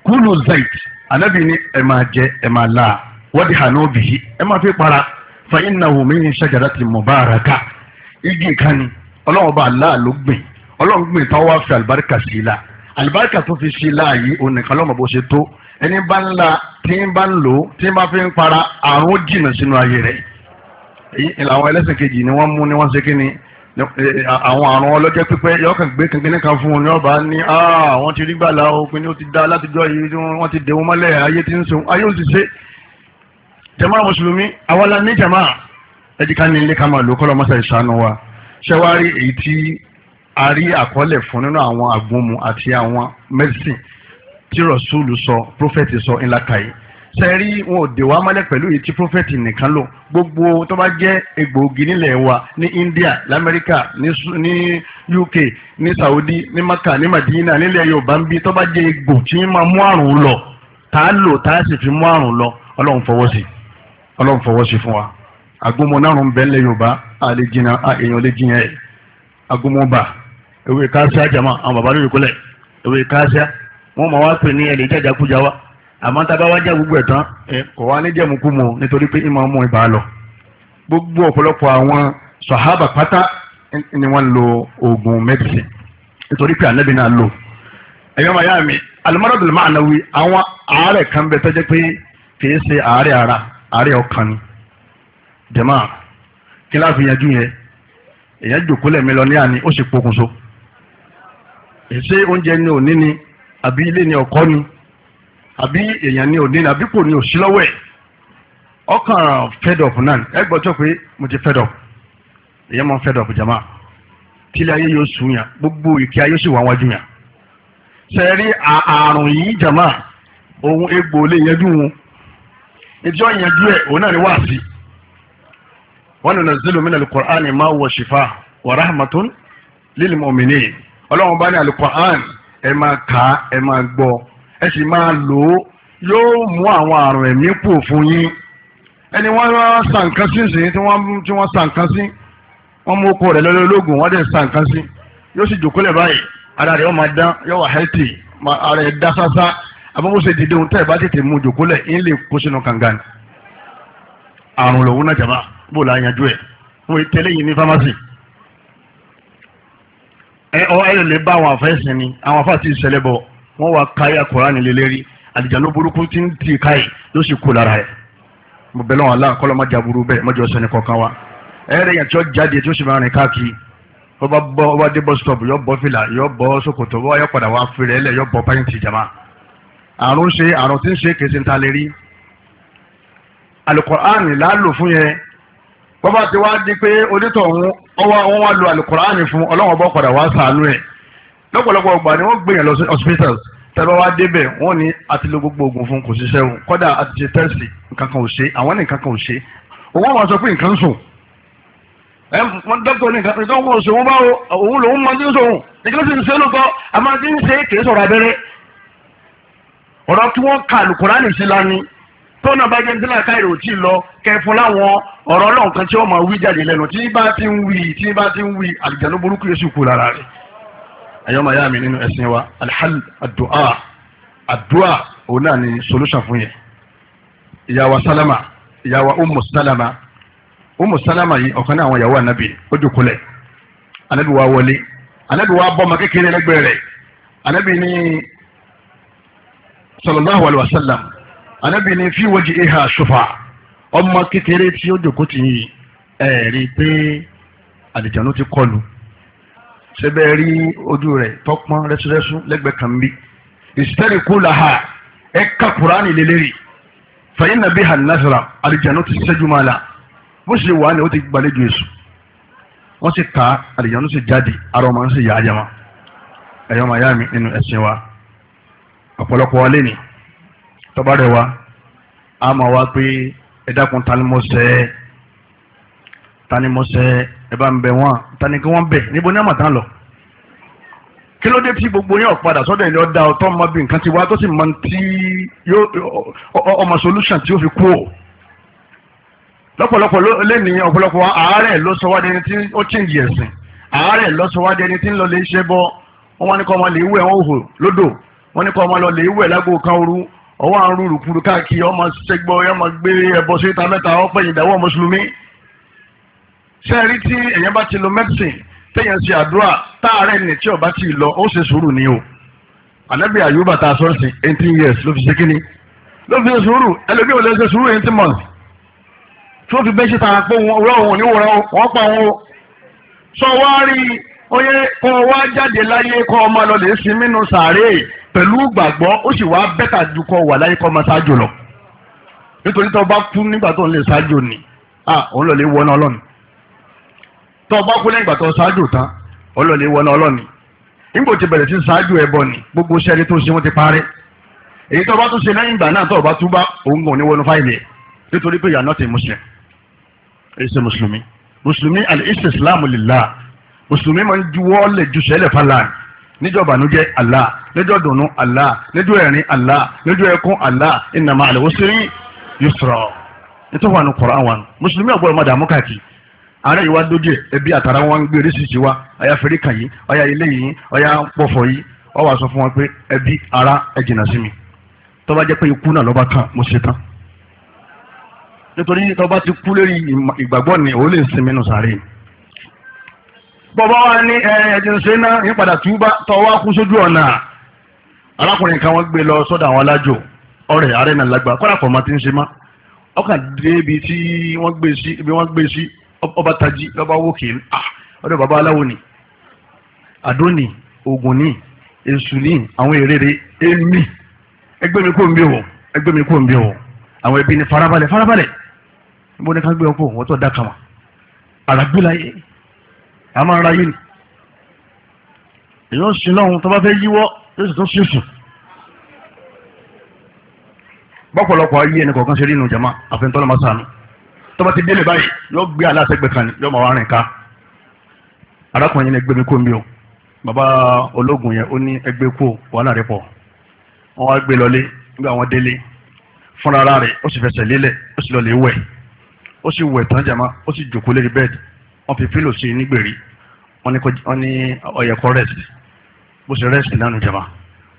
kúlù zait anábìnrin ẹ̀ máa jẹ ẹ̀ máa la wọ́n di hànú bìí ẹ̀ máa fi para fa innahu min shajarati mubaraka igi kan ni ọlọ́run bá aláà ló gbìn ọlọ́run gbìn tán wá fi àlùbáríkà sí i la àlùbáríkà tó fi sí i láàyè onìkan lọ́mọ bó ṣe tó ẹni bá ń la tí ń bá ń lò ó tí ń bá fi ń para àrùn jìnnà sínú ayé rẹ̀ èyí làwọn ẹlẹ́sìn kejì ni wọ́n mú ni wọ́n ṣe kí ni e, e, àwọn àrùn ọlọ́jọ́ pípẹ́ yọ kàn gbé kankan kan fún un ní ọba ah, ní àwọn ti rí gbàlà òpin ó ti dá látijọ́ yìí wọ́n ti dẹ̀wọ́n mọ́lẹ̀ ayé ti ń sùn ayé ò sì ṣe jàmáà mùsùlùmí àwa la ní ẹjí ká ní ilé ká máa lò kọ́ lọ́mọ́sẹ̀ ìṣàánú wa ṣẹ́wárí èyí tí a rí àkọọ́lẹ̀ fún nínú àwọn àgbọ̀mù àti àwọn mẹ́sìn tí rọ̀ṣúlù sọ prófẹ́tì sọ ńlá kàyí sẹ́rí wọn ò dè wá mọ́lẹ̀ pẹ̀lú èyí tí prófẹ́tì nìkan lò gbogbo tó bá jẹ́ egbòogi nílẹ̀ wa ní India lamẹ́ríkà ní UK ní Saudi ní Maka ní Madina nílẹ̀ Yorùbá ń bí tó bá jẹ́ egbò tí ń máa mú àrùn lọ tá a lò tá a sì fi mú àrùn lọ Ọlọ́run fọwọ́ sí Ọlọ́run fọwọ́ sí fún wa agbómo nárùn bẹ́ẹ̀lẹ̀ yorùbá àlè jìnnà èèyàn lè jìnnà ẹ̀ agbómo bà ewé káṣíá jama àwọn bàbá lórí kọlẹ̀ ewé káṣíá wọn máa wá pè ní ẹ̀ lè jàjà wa àmọ́ tá a bá wá já gbogbo ẹ̀ tán ẹ kò wá ní jẹ̀mukú mu nítorí pé ìmọ̀ ọmọ ìbá lọ gbogbo ọ̀pọ̀lọpọ̀ àwọn sàhábà pátá ni wọ́n lo oògùn mẹ́dísìn nítorí pé ànábì náà lò ẹ̀yọ́ màá yá mi alimaradul ma'anawi àwọn àárẹ̀ kan bẹ tọ́jú pé kì í ṣe àárẹ̀ ara àárẹ̀ ọkàn ni jẹ̀mọ́ kí láàfin yanjú yẹn èyàn jòkó lẹ̀ mílíọ̀nìyà ni ó sì pokùnso èsè oúnjẹ ni òní ni àbí ilé ni ọkọ ni àbí èèyàn ni òní ni àbí kò ní òsí lọ́wọ́ ẹ̀ ọkàn fed up náà ẹ gbọ́ tó pé mo ti fed up èyàn mọ fed up kílẹ̀ ayé yóò sùn yàn gbogbo ìkí ayé sì wà wájú yàn sẹ́ẹ̀rí àrùn yìí jama ohun egbò lè yanjú wọn ìjọ yanjú ẹ̀ òun náà ni wàásì wa nunazzilu minal Qur'ani ma huwa shifa wa rahmatun lil mu'minin ọlọ́run bá ní al-Qur'an ẹ máa kà á ẹ máa gbọ́ ẹ sì máa lò ó yóò mú àwọn àrùn ẹ̀mí pò fún yín ẹni wọ́n wá sànkan sí tí wọ́n tí wọ́n sànkan sí mú oko rẹ̀ lọ́lọ́ lóògùn wọ́n dẹ̀ sànkan yóò sì jòkó lẹ̀ báyìí ara rẹ̀ yóò máa dán yóò wà healthy ara rẹ̀ dá sásá abọ́mọ́sẹ̀ dìde ohun tẹ́ ẹ̀ bá tètè mú jòkó lẹ̀ yín lè kó sínú kànga àrùn lòun náà jàmbá bó la yanjú ẹ̀ wọ́n tẹ́lẹ̀ yìí ní fámásì ẹ ọ ẹ lè bá àwọn àfẹ́sìn ni àwọn afá ti ṣẹlẹ̀ bọ̀ wọ́n wá káyà Kùránì lélẹ́rí àlìjánu burúkú ti ń tì káyì yóò sì kú lára ẹ̀ mo bẹ̀ lọ́wọ́ aláǹ kọ́lọ́ mọ́jà burú bẹ́ẹ̀ mọ́jà ọ̀sẹ̀ ní kọ̀ọ̀kan wa ẹ̀rẹ́ yẹn tí ó jáde tí ó sì máa rìn káàkiri wọ́n bá bọ́ wá dé bus stop yọ bọ́ fìlà yọ bọ́ ṣòkòtò wọ́n yọ padà wá fìrẹ́ ẹlẹ́ yọ bọ́ pàyìntì ìjàmá àrùn ṣe àrùn tí ń ṣe kèsì ń ta lérí Al-Qur'an bọ́bá ti wá di pé onítọ̀hún ọwọ́ wọn wá lu alukur'ani fún ọlọ́wọ́n bọ́ padà wá sàánú ẹ̀ lọ́pọ̀lọpọ̀ ọgbà ni wọ́n gbìyànjú lọ sí hospitals tẹ́lẹ̀ wá débẹ̀ wọ́n ní àti lo gbogbo oògùn fún kò ṣiṣẹ́ o kọ́dà àti ṣe tẹ́sì nǹkan kan ò ṣe àwọn ní nǹkan kan ò ṣe òun àwọn sọ pé nǹkan sùn ẹ wọn dọ́kítọ̀ ní nǹkan kan ò ṣe bá òun lòun máa tọ́nà bá jẹ́ nítorí àká èrò tí lọ kẹfún láwọn ọ̀rọ̀ ọlọ́run kan tí wọ́n máa wí jáde lẹ́nu tí bá ti ń wí tí bá ti ń wí àlìjáde burúkú yẹn sì kú lára rẹ̀. àyọ̀mọ̀ ayá mi nínú ẹ̀sìn wa alhal adu'a adu'a òun náà ni solution fún yẹn. ìyàwó sálámà ìyàwó umu sálámà umu sálámà yìí ọ̀kan náà àwọn ìyàwó anabi ó dùkúlẹ̀ anabi wa wọlé anabi wa bọ́ ọmọ kékeré lẹ́gbẹ̀ẹ́ rẹ̀ anabi ni sallallahu alaihi wasallam anabi ni fi wọ́jì ìhà ṣùfà ọmọ kékeré tí ó jòkó tì yín ẹ̀ rí i pé àlìjánu ti kọlù ṣẹbẹ̀ rí ojú rẹ̀ tọ́pọ́n rẹ́súrẹ́sú lẹ́gbẹ̀ẹ́ kan bí ìsítẹ́rì kú làhà ẹ̀ ká kúránì lélẹ́rì fẹ̀yìn nàbí hàn nàṣàrà àlìjánu ti ṣẹ́jú máa la bó ṣe wà ní ó ti gbàlejò èṣù wọ́n sì ka àlìjánu sì jáde ara ọmọ ń sì yá ajá ma ẹ̀yọ́ màyá mi nínú ẹ̀sìn wa ọ̀pọ̀lọpọ̀ wa lé nìí tọ́ba rẹ̀ wá a máa wá pé ẹ dákun ta ni ẹ ni mo sẹ́ ẹ bá ń bẹ̀ wọ́n ta ni kí wọ́n bẹ̀ níbo ní àmọ̀tán lọ kí ló dé tí gbogbo yẹn ọ̀padà sọ́dọ̀ ẹ̀ ní ọ̀dà ọ̀tọ́ ọmọ bí nǹkan ti wá tó sì mọ tí ọmọ solution tí ó fi kú o lọ́pọ̀lọpọ̀ lẹ́nìí ọ̀pọ̀lọpọ̀ àárẹ̀ ló sọ wá dẹni tí ó chíǹgì ẹ̀sìn àárẹ̀ ló sọ wá dẹni tí ń lọ lè ṣe bọ́ wọ́n ní kọ́ ọmọ lè wẹ̀ wọ́n hò lódò wọ́n ní kọ́ ọmọ lọ lè wẹ̀ lágbo kan òru ọwọ́ àrùn rùkúrú káàkiri ọmọ ṣẹgbọ́ ọmọ gbé ẹbọ síta mẹ́ta ọpẹ́ ìdáwọ́ mùsùlùmí sẹ́ẹ̀rí tí èèyàn bá ti lo medicine téèyàn ṣe àdúrà táàárẹ̀ ní tí ọba ti lọ ó ṣe sùúrù ni o ànábì àyùbá ta sọ́ọ̀sì eighteen years ló fi ṣe kíni ló fi ṣe sùúrù ẹlòmíì ò lè ṣe sùúrù eighteen months tí ó fi bẹ́ẹ̀ ṣe tààrà pé òwúrọ̀ òun oníwòrán wọn pa òun o sọ wá rí oyè kọ́ wá jáde láyé kọ́ ọmọ lọ lè sin mínú pẹ̀lú gbàgbọ́ ó sì wá bẹ́tà ju kọ wà láyé kọ́ máa ṣáájú lọ nítorí tó bá kú nígbà tó ń lè ṣáájú ni òun lọ lè wọná ọlọ́ni tó bá kú lẹ́yìn ìgbà tó ṣáájú tán òun lọ lè wọná ọlọ́ni nígbò tí bẹ̀rẹ̀ sí ṣáájú ẹbọ ni gbogbo sẹ́ni tó ṣe wọ́n ti parẹ́ èyí tó bá tún ṣe lẹ́yìn ìgbà náà tó bá tún bá òun gan ní wọnú fáìlì ẹ̀ nítorí pé you are mùsùlùmí mùsùlùmí al-istislamu níjọ́ ìbànújẹ́ Allah níjọ́ dùnú Allah níjọ́ ẹ̀rín Allah níjọ́ ẹkún Allah inna ma'al usri yusra nítorí wà ní Qur'an wa mùsùlùmí ọ̀gbọ́n ọmọdé àmúkàkì ààrẹ yìí wá dójú ẹbí àtàrà wọn ń gbé oríṣiríṣi wá ọyà fẹ́ríkà yìí ọyà ilé yìí ọyà pọ̀fọ̀ yìí ọ wà sọ fún wọn pé ẹbí ara ẹ jìnnà sí mi tó bá jẹ́ pé ikú náà lọ́ba kan mo ṣe tán nítorí tó bá ti kú lórí ìgbàgbọ́ ni òun lè sinmi nù sáré yìí bọ́bá wa ní ẹ̀ẹ́dín ṣe náà ní padà túbá tọ́wọ́ kú sójú ọ̀nà arákùnrin kan wọ́n gbé lọ sọ́dọ̀ àwọn alájò ọ̀rẹ́ ààrẹ náà lágbà kọ́ra kọ́ ma ti ń ṣe má ọkàn dé ibi tí wọ́n gbé sí ibi wọ́n gbé sí ọba tají ọba wókè ọ̀dọ̀ baba aláwo ni àdóni ògùn ni èṣù ni àwọn èrèrè èmi ẹgbẹ́ mi kò ń bí wọ̀ ẹgbẹ́ mi kò ń bí wọ̀ àwọn ẹbí ni farabalẹ̀ farabalẹ̀ a máa ra yìí èyàn sin lọ́hun tó bá fẹ́ yíwọ́ yóò sì tún sí sùn bọ́pọ̀lọpọ̀ ayé ẹni kọ̀ọ̀kan ṣe rí inú jama àfihàn máa sànú tó bá ti délé báyìí yóò gbé aláṣẹgbẹ kan yóò máa wá rìn ká arákùnrin yẹn gbé mi kó mi o bàbá ológun yẹn ó ní ẹgbẹ kó wàhálà rẹ pọ̀ wọn wá gbé lọlé nígbà wọn délé fúnra rẹ̀ ó sì fẹsẹ̀ lélẹ̀ ó sì lọ lè wẹ̀ ó sì wẹ̀ tán jama wọ́n fi pílò sí nígbèrí wọ́n ní ọ̀yẹ̀kọ́ rẹ́sì bó ṣe rẹ́sì nánu jama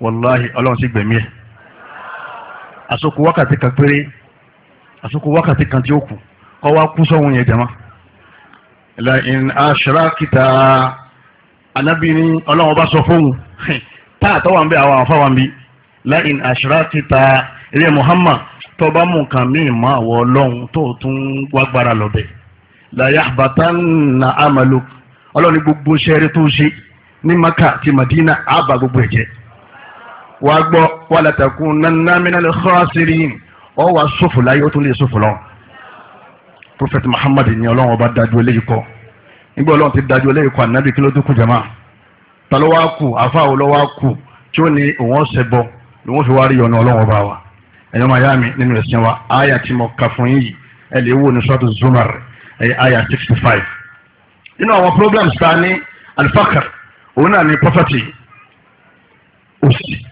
wàláhì ọlọ́run sì gbẹ̀mí ẹ̀ àsokò wákàtí kan péré àsokò wákàtí kan tí ó kù kọ́ wá kú sọ́hun yẹn jama la in ashrakita anabi ni ọlọ́run bá sọ fóun [laughs] tá àtọ́wà ń bẹ àwọn àfáwà ń bí la in ashrakita ilé muhammad tó bá mú nǹkan míì mọ́ àwọ̀ ọlọ́run làyàbàtàn àmàlò ọlọ́run ní gbogbo sẹ́ẹ̀rẹ́ tó ṣe ní maka àti madina àbá gbogbo ẹ̀jẹ̀ wà á gbọ́ wà látàkùn nánà mìíràn lè xọ́ àṣírí ọ wà sófò láyé ó tún lè sófò lọ. prophet muhammad ni ọlọ́run ọba dájú eléyìí kọ́ nígbà ọlọ́run ti dájú eléyìí kọ́ ànábì kí ló dúkù jama ta ló wá kù àfa wo ló wá kù tí ó ní òun ọ̀sẹ̀ bọ̀ ni wọ́n fi wá rí ọ̀nà ọlọ́run ọba wa ẹ̀yọ́ màyá mi nínú ẹ̀sìn wa àyà tí yìí ẹ̀ lè wò ní sọ́tù zumar aya sixty five nínú àwọn problems ta ní alifakar òun náà ní property, òsì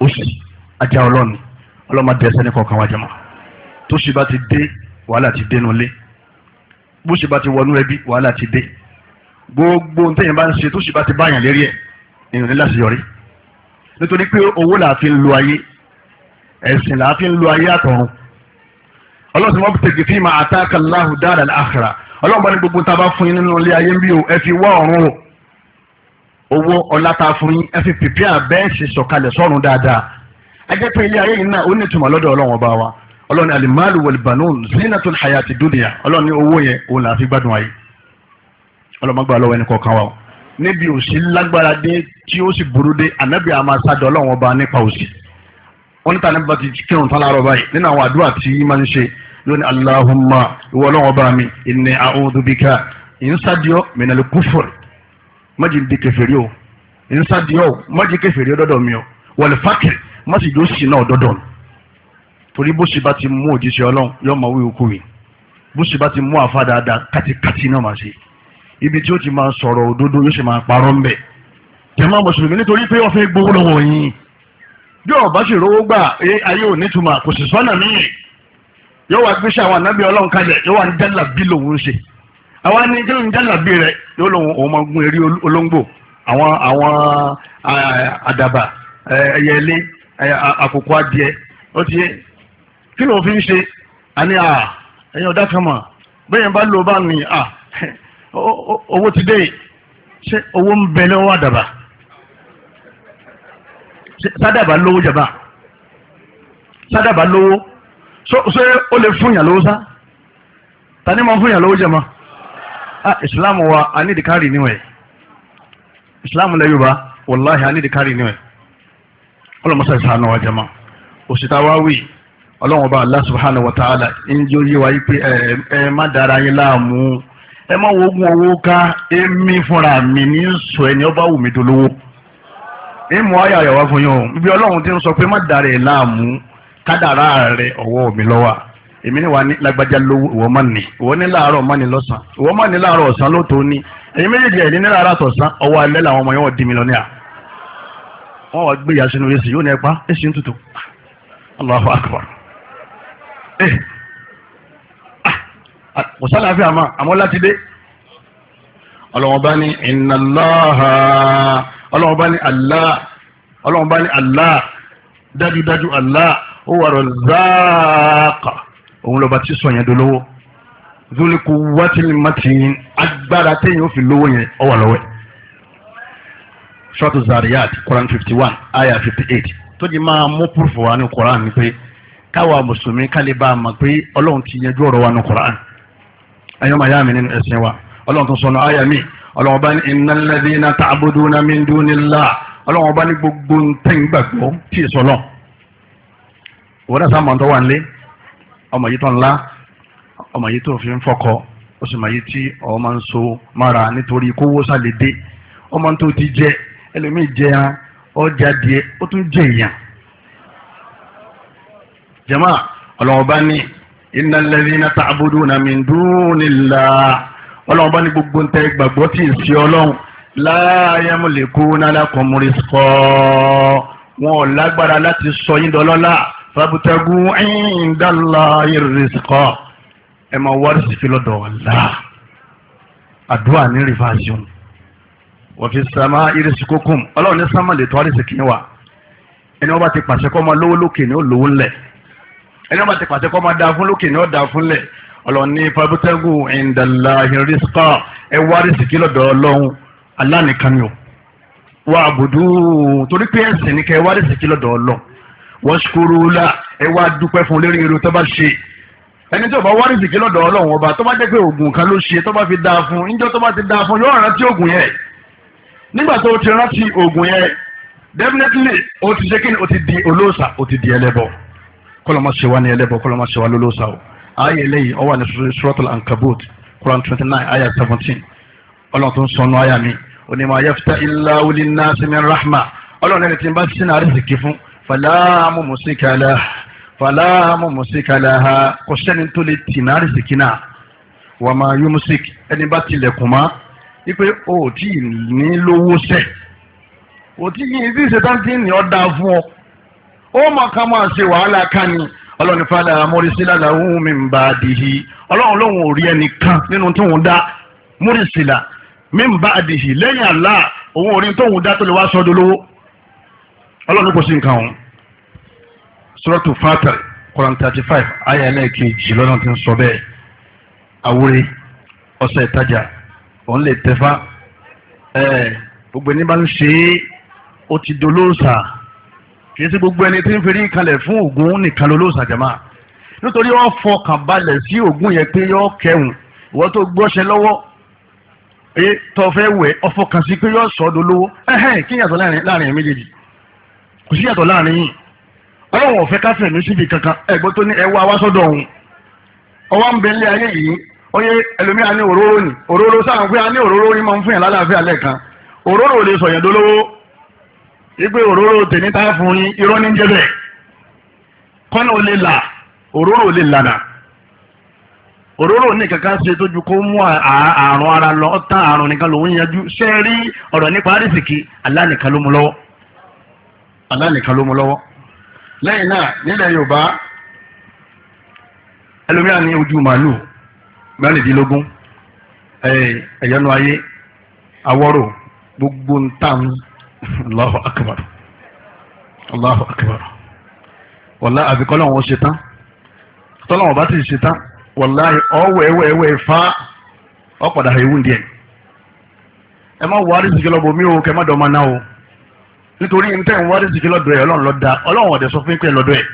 òsì ajá ọlọ́ni ọlọ́mọdé ẹsẹ̀ ní kọ̀ọ̀kan wajama. mọ́ tó sì bá ti dé wàhálà ti dé nulẹ̀ bó sì bá ti wọnú ẹbí wàhálà ti dé gbogbo ohun téèyàn bá ń ṣe tó sì ti báyàn lérí ẹ̀ nínú ní láti yọrí nítorí pé owó là fi ń lo ayé ẹ̀sìn là fi ń lo ayé àtọ̀run ọlọ́sìn wọn tètè fi máa àtàkà láhùn dáadáa láàkàrà ọlọ́run bá ní gbogbo tá a bá fún yín nínú ilé ayé ń bí o ẹ fi wá ọ̀run o owó ọlá tá a fún yín ẹ fi pèpè àbẹ́ ṣe sọ̀kalẹ̀ sọ́run dáadáa a jẹ́ pé ilé ayé yìí náà ó ní ìtumọ̀ lọ́dọ̀ ọlọ́run ọba wa ọlọ́run ní alimalu walibanun zinatul hayati dunia ọlọ́run ní owó yẹn òun là fi gbádùn ayé ọlọ́run má gbà lọ́wọ́ ẹni kọ̀ọ̀kan wa níbi yóò ní aláhùnmá ìwọ ọlọ́wọ́ bá mi ìní àhùndùbíkà ìnsádìọ́ mìnàlẹ́ kúfùr májì ń di kẹfẹ́rí o ìnsádìọ́ májì kẹfẹ́rí ọdọ́dọ̀ mi o wọlé fákìrì má sì yóò sì náà ọdọ́dọ̀ mi torí bó ṣe bá ti mú òjíṣẹ́ ọlọ́run yóò máa wí okùn yìí bó ṣe bá ti mú àfa dáadáa kátikáti náà máa ṣe ibi tí ó ti máa sọ̀rọ̀ òdodo yóò ṣe máa parọ́ ńbẹ̀ tẹ̀mọ́ mùsùlùmí nítorí pé wọ́n fẹ́ gbowó lọ́wọ́ yín bí ọ̀bá sì rówó gbà ayé ò nítumọ̀ kò sì sọ́nà míì yóò wá gbéṣẹ́ àwọn ànábì ọlọ́run kalẹ̀ yóò wá ń jálà bí lòun ṣe àwa ni kí ló ń jálà bí rẹ yóò lòun òun máa gun eré olóńgbò àwọn àwọn àdàbà ẹyẹ ilé àkókò adìẹ ó ti yé kí ló fi ń ṣe àní à ẹ̀yin ọ̀dà kan mọ̀ bẹ́ẹ̀ bá lò bá ní à owó ti dé ṣé owó ń bẹ lọ́wọ́ àdàbà sádàbà lówó jàbá sádàbà lówó. so o lè fún yàn lówó tani ta ni mo fún yàn ma ah islam wa a ní ìdíkárì níwẹ̀ islam lẹ́yìn wa wàláhì a ní ìdíkárì níwẹ̀ ọlọ́mọṣẹ́ ìsànà wa jẹ mọ́ òṣìṣẹ́ wa wí ọba allah subhanahu wa ta'ala ń jẹ́ wa yí pé ẹ ẹ má dára yín láàmú ẹ má wogun owó ká fúnra mi ní sọ ẹni ọba wù mí dolówó ìmọ̀ ayé àyàwó fún yín o ibi ọlọ́run ti ń sọ pé má láàmú kádàrá rẹ ọwọ́ mi lọ́wọ́ èmi ni wàá ní lágbájá lówó ìwọ má ní ìwọ ní láàárọ̀ má ní lọ́sàn ìwọ má ní láàárọ̀ ọ̀sán ló tó ní ẹ̀yin méjèèjì ẹ̀ ní ní láàárọ̀ àtọ̀sán ọwọ́ alẹ́ làwọn ọmọ yẹn wọ́n di mi lọ ní à wọ́n wá gbé yasinu yẹsì yóò ní ẹ̀pá èsì ń tutù Allahu akbar ẹ̀ eh. ah. ah. kò sálàáfíà àmọ́ àmọ́ láti dé ọlọ́wọ́n bá ní inna Allaha ọlọ́wọ́n bá ní Allah ọlọ́wọ́n bá ní Allah dájúdájú Allah ó wà rọ̀záàkà òun lọ́ba tí sọ̀yẹn dolówó zuliku wátìlì mátìyìn agbára téèyàn ó fi lówó yẹn ó wà lọ́wọ́ ẹ̀ zariyat quran fifty one ayah fifty eight tó di máa mú púrúfù wa ní quran ni pé káwa mùsùlùmí kálí bá a mọ̀ pé ọlọ́run ti yanjú ọ̀rọ̀ wa ní quran ẹ̀yọ́ màá yá mi nínú ẹ̀sìn wa ọlọ́run tó sọnù ayah mi ọlọ́run bá ní innal ladhina ta'buduna min dunillah ọlọ́run bá ní gbogbo ntẹ́ ń gbàgbọ́ tí sọ náà ìwọ́n náà sáàmù ọ̀tọ́ wà nílé ọmọ yìí tó ńlá ọmọ yìí tó fi ń fọkọ ó sì mọ yìí tí ọ máa ń so mára nítorí kówó sálẹ̀ ọmọ tó ti jẹ ẹlòmíì jẹ ẹran ọjà díẹ̀ ó tún jẹ èèyàn. jama ọlọ́mọba ní iná lẹ́rìí náà tààbùdù náà mi dùn nílá ọlọ́mọba ní gbogbo ntẹ́ gbàgbọ́ tí ì sí ọlọ́run láyàmú lè kú nálàkùnmùrìsíkọ́ wọn ò lágbára láti sọ yín dọlọ́lá fàbùtàgù ẹ̀yìndàlá ìrìsìkọ́ ẹ máa wárí sí fílọ́dọ̀ ọ̀la àdúrà ní rìfàṣùn wọ́fi sàmà ìrìsìkókùn ọlọ́run ní sàmà lè tọ́ àrísìkì wa ẹni wọ́n bá ti pàṣẹ kọ́ máa lówó lókè ní ó lówó ńlẹ̀ ẹni wọ́n bá ti pàṣẹ kọ́ máa dáa fún lókè ní ó dáa fún lẹ̀ ọlọ́run ní fàbùtàgù ẹ̀yìndàlá ìrìsìkọ́ ẹ wárí sí fílọ́dọ̀ ọlọ́run alánìkanmi ò wà àbùdù torí pé ẹ̀sìn ní kẹ́ wárí sí fílọ́dọ̀ ọlọ́run wọ́ṣukúrú la ẹ wá dúpẹ́ fún lérí irun tó bá ṣe ẹni tí ó bá wárí ìsìnkí lọ́dọ̀ ọlọ́run ọba tó bá jẹ́ pé oògùn kan ló ṣe tó bá fi dáa fún níjọ́ tó bá ti dáa fún yóò rántí oògùn yẹn nígbà tó o ti rántí oògùn yẹn definitely o ti ṣe kí ni o ti di olóòṣà o ti di ẹlẹ́bọ kọ́lọ́mọ ṣe wá ní ẹlẹ́bọ kọ́lọ́mọ ṣe wá lólóòṣà o ayé eléyìí ó wà suratul ankabut quran twenty nine ayah seventeen ọlọ́run tó ń sọnù ayah mi onímọ̀ ayẹ́fẹ́ ilá wuli rahma ọlọ́run ẹni tí ń fàlà mùmùsíkà láha fàlà mùmùsíkà láha kò sẹ́ni tó lè tì náà rìsìkì náà wà máa yú mùsíkì ẹni bá tilẹ̀kùn mọ́ wípé o ò tí ì ní lówó sẹ́ o tí ì ní ìṣètàn tí ní ọ́ dáa fún ọ ó mà ká máa ṣe wàhálà ká ni fàlà amórísílà làwọn mi ń bá a dìhì ọlọ́run lòun ò rí ẹnìkan nínú tóun dá mórísílà mi ń bá a dìhì lẹ́yìn àlá òun ò rí tóun dá tó lè wá sọ́dọ̀ lówó ọlọ́run kò sí nǹkan ọ̀hún suratu fatir Quran thirty five aya ẹlẹ́ẹ̀kejì lọ́nà tí ń sọ bẹ́ẹ̀ awúre ọ̀sẹ̀ ìtajà òun lè tẹ́fà ẹ̀ gbogbo ẹni bá ń ṣe é ó ti dolóòsà kì í sí gbogbo ẹni tí ń ferí kalẹ̀ fún ògùn nìkan lolóòsà jàmá nítorí wọ́n fọkàn balẹ̀ sí ògùn yẹn pé yọ́ kẹun ìwọ́n tó gbọ́ṣẹ lọ́wọ́ ẹ tọ́fẹ́ wẹ̀ ọfọkàn sí pé yọ́ sọ́ọ́ dolówó ẹ̀hẹ́n kí yàtọ̀ láàrin méjèèjì kò sí yàtọ̀ láàrin yìí ọlọ́run ọ̀fẹ́ ká sẹ̀mí síbi kankan ẹ̀gbọ́n tó ní ẹ wá sọ́dọ̀ ọ̀hún ọwọ́ ń bẹ ilé ayé yìí oyè ní òróró ni òróró sáà ń ní òróró ni máa ń fún yàn òróró ò lè dolówó ìgbé òróró tèmi a fún yín irọ́ ní jẹ́ bẹ́ẹ̀ kọ́nà ò lè là òróró ò lè lànà òróró ní kankan ṣe tójú kó mú àrùn ara lọ tán àrùn nìkan lòún yanjú ṣé ọ̀rọ̀ nípa àrísìkí ló lẹ́yìn náà nílẹ̀ yorùbá ẹlòmíràn ní ojú màálù mẹ́rìndínlógún ẹ̀yẹ́nu ayé awọ́rò gbogbo ń tàn Allahu akbar Allahu akbar wàlá àfikọ́lọ́ wọn ṣe tán tọ́lọ́wọ́n bá ti ṣe tán wàlá ọ̀wẹ̀ ẹ̀wẹ̀ ẹ̀wẹ̀ fa ọ̀padà ẹ má mi ò kẹ́ má o. nítorí níta ìwọ́n wárí sìkì lọ́dọ̀ ẹ̀ ọlọ́run lọ́dà ọlọ́run ọ̀dẹ̀ sọ fún pé lọ́dọ̀ ẹ̀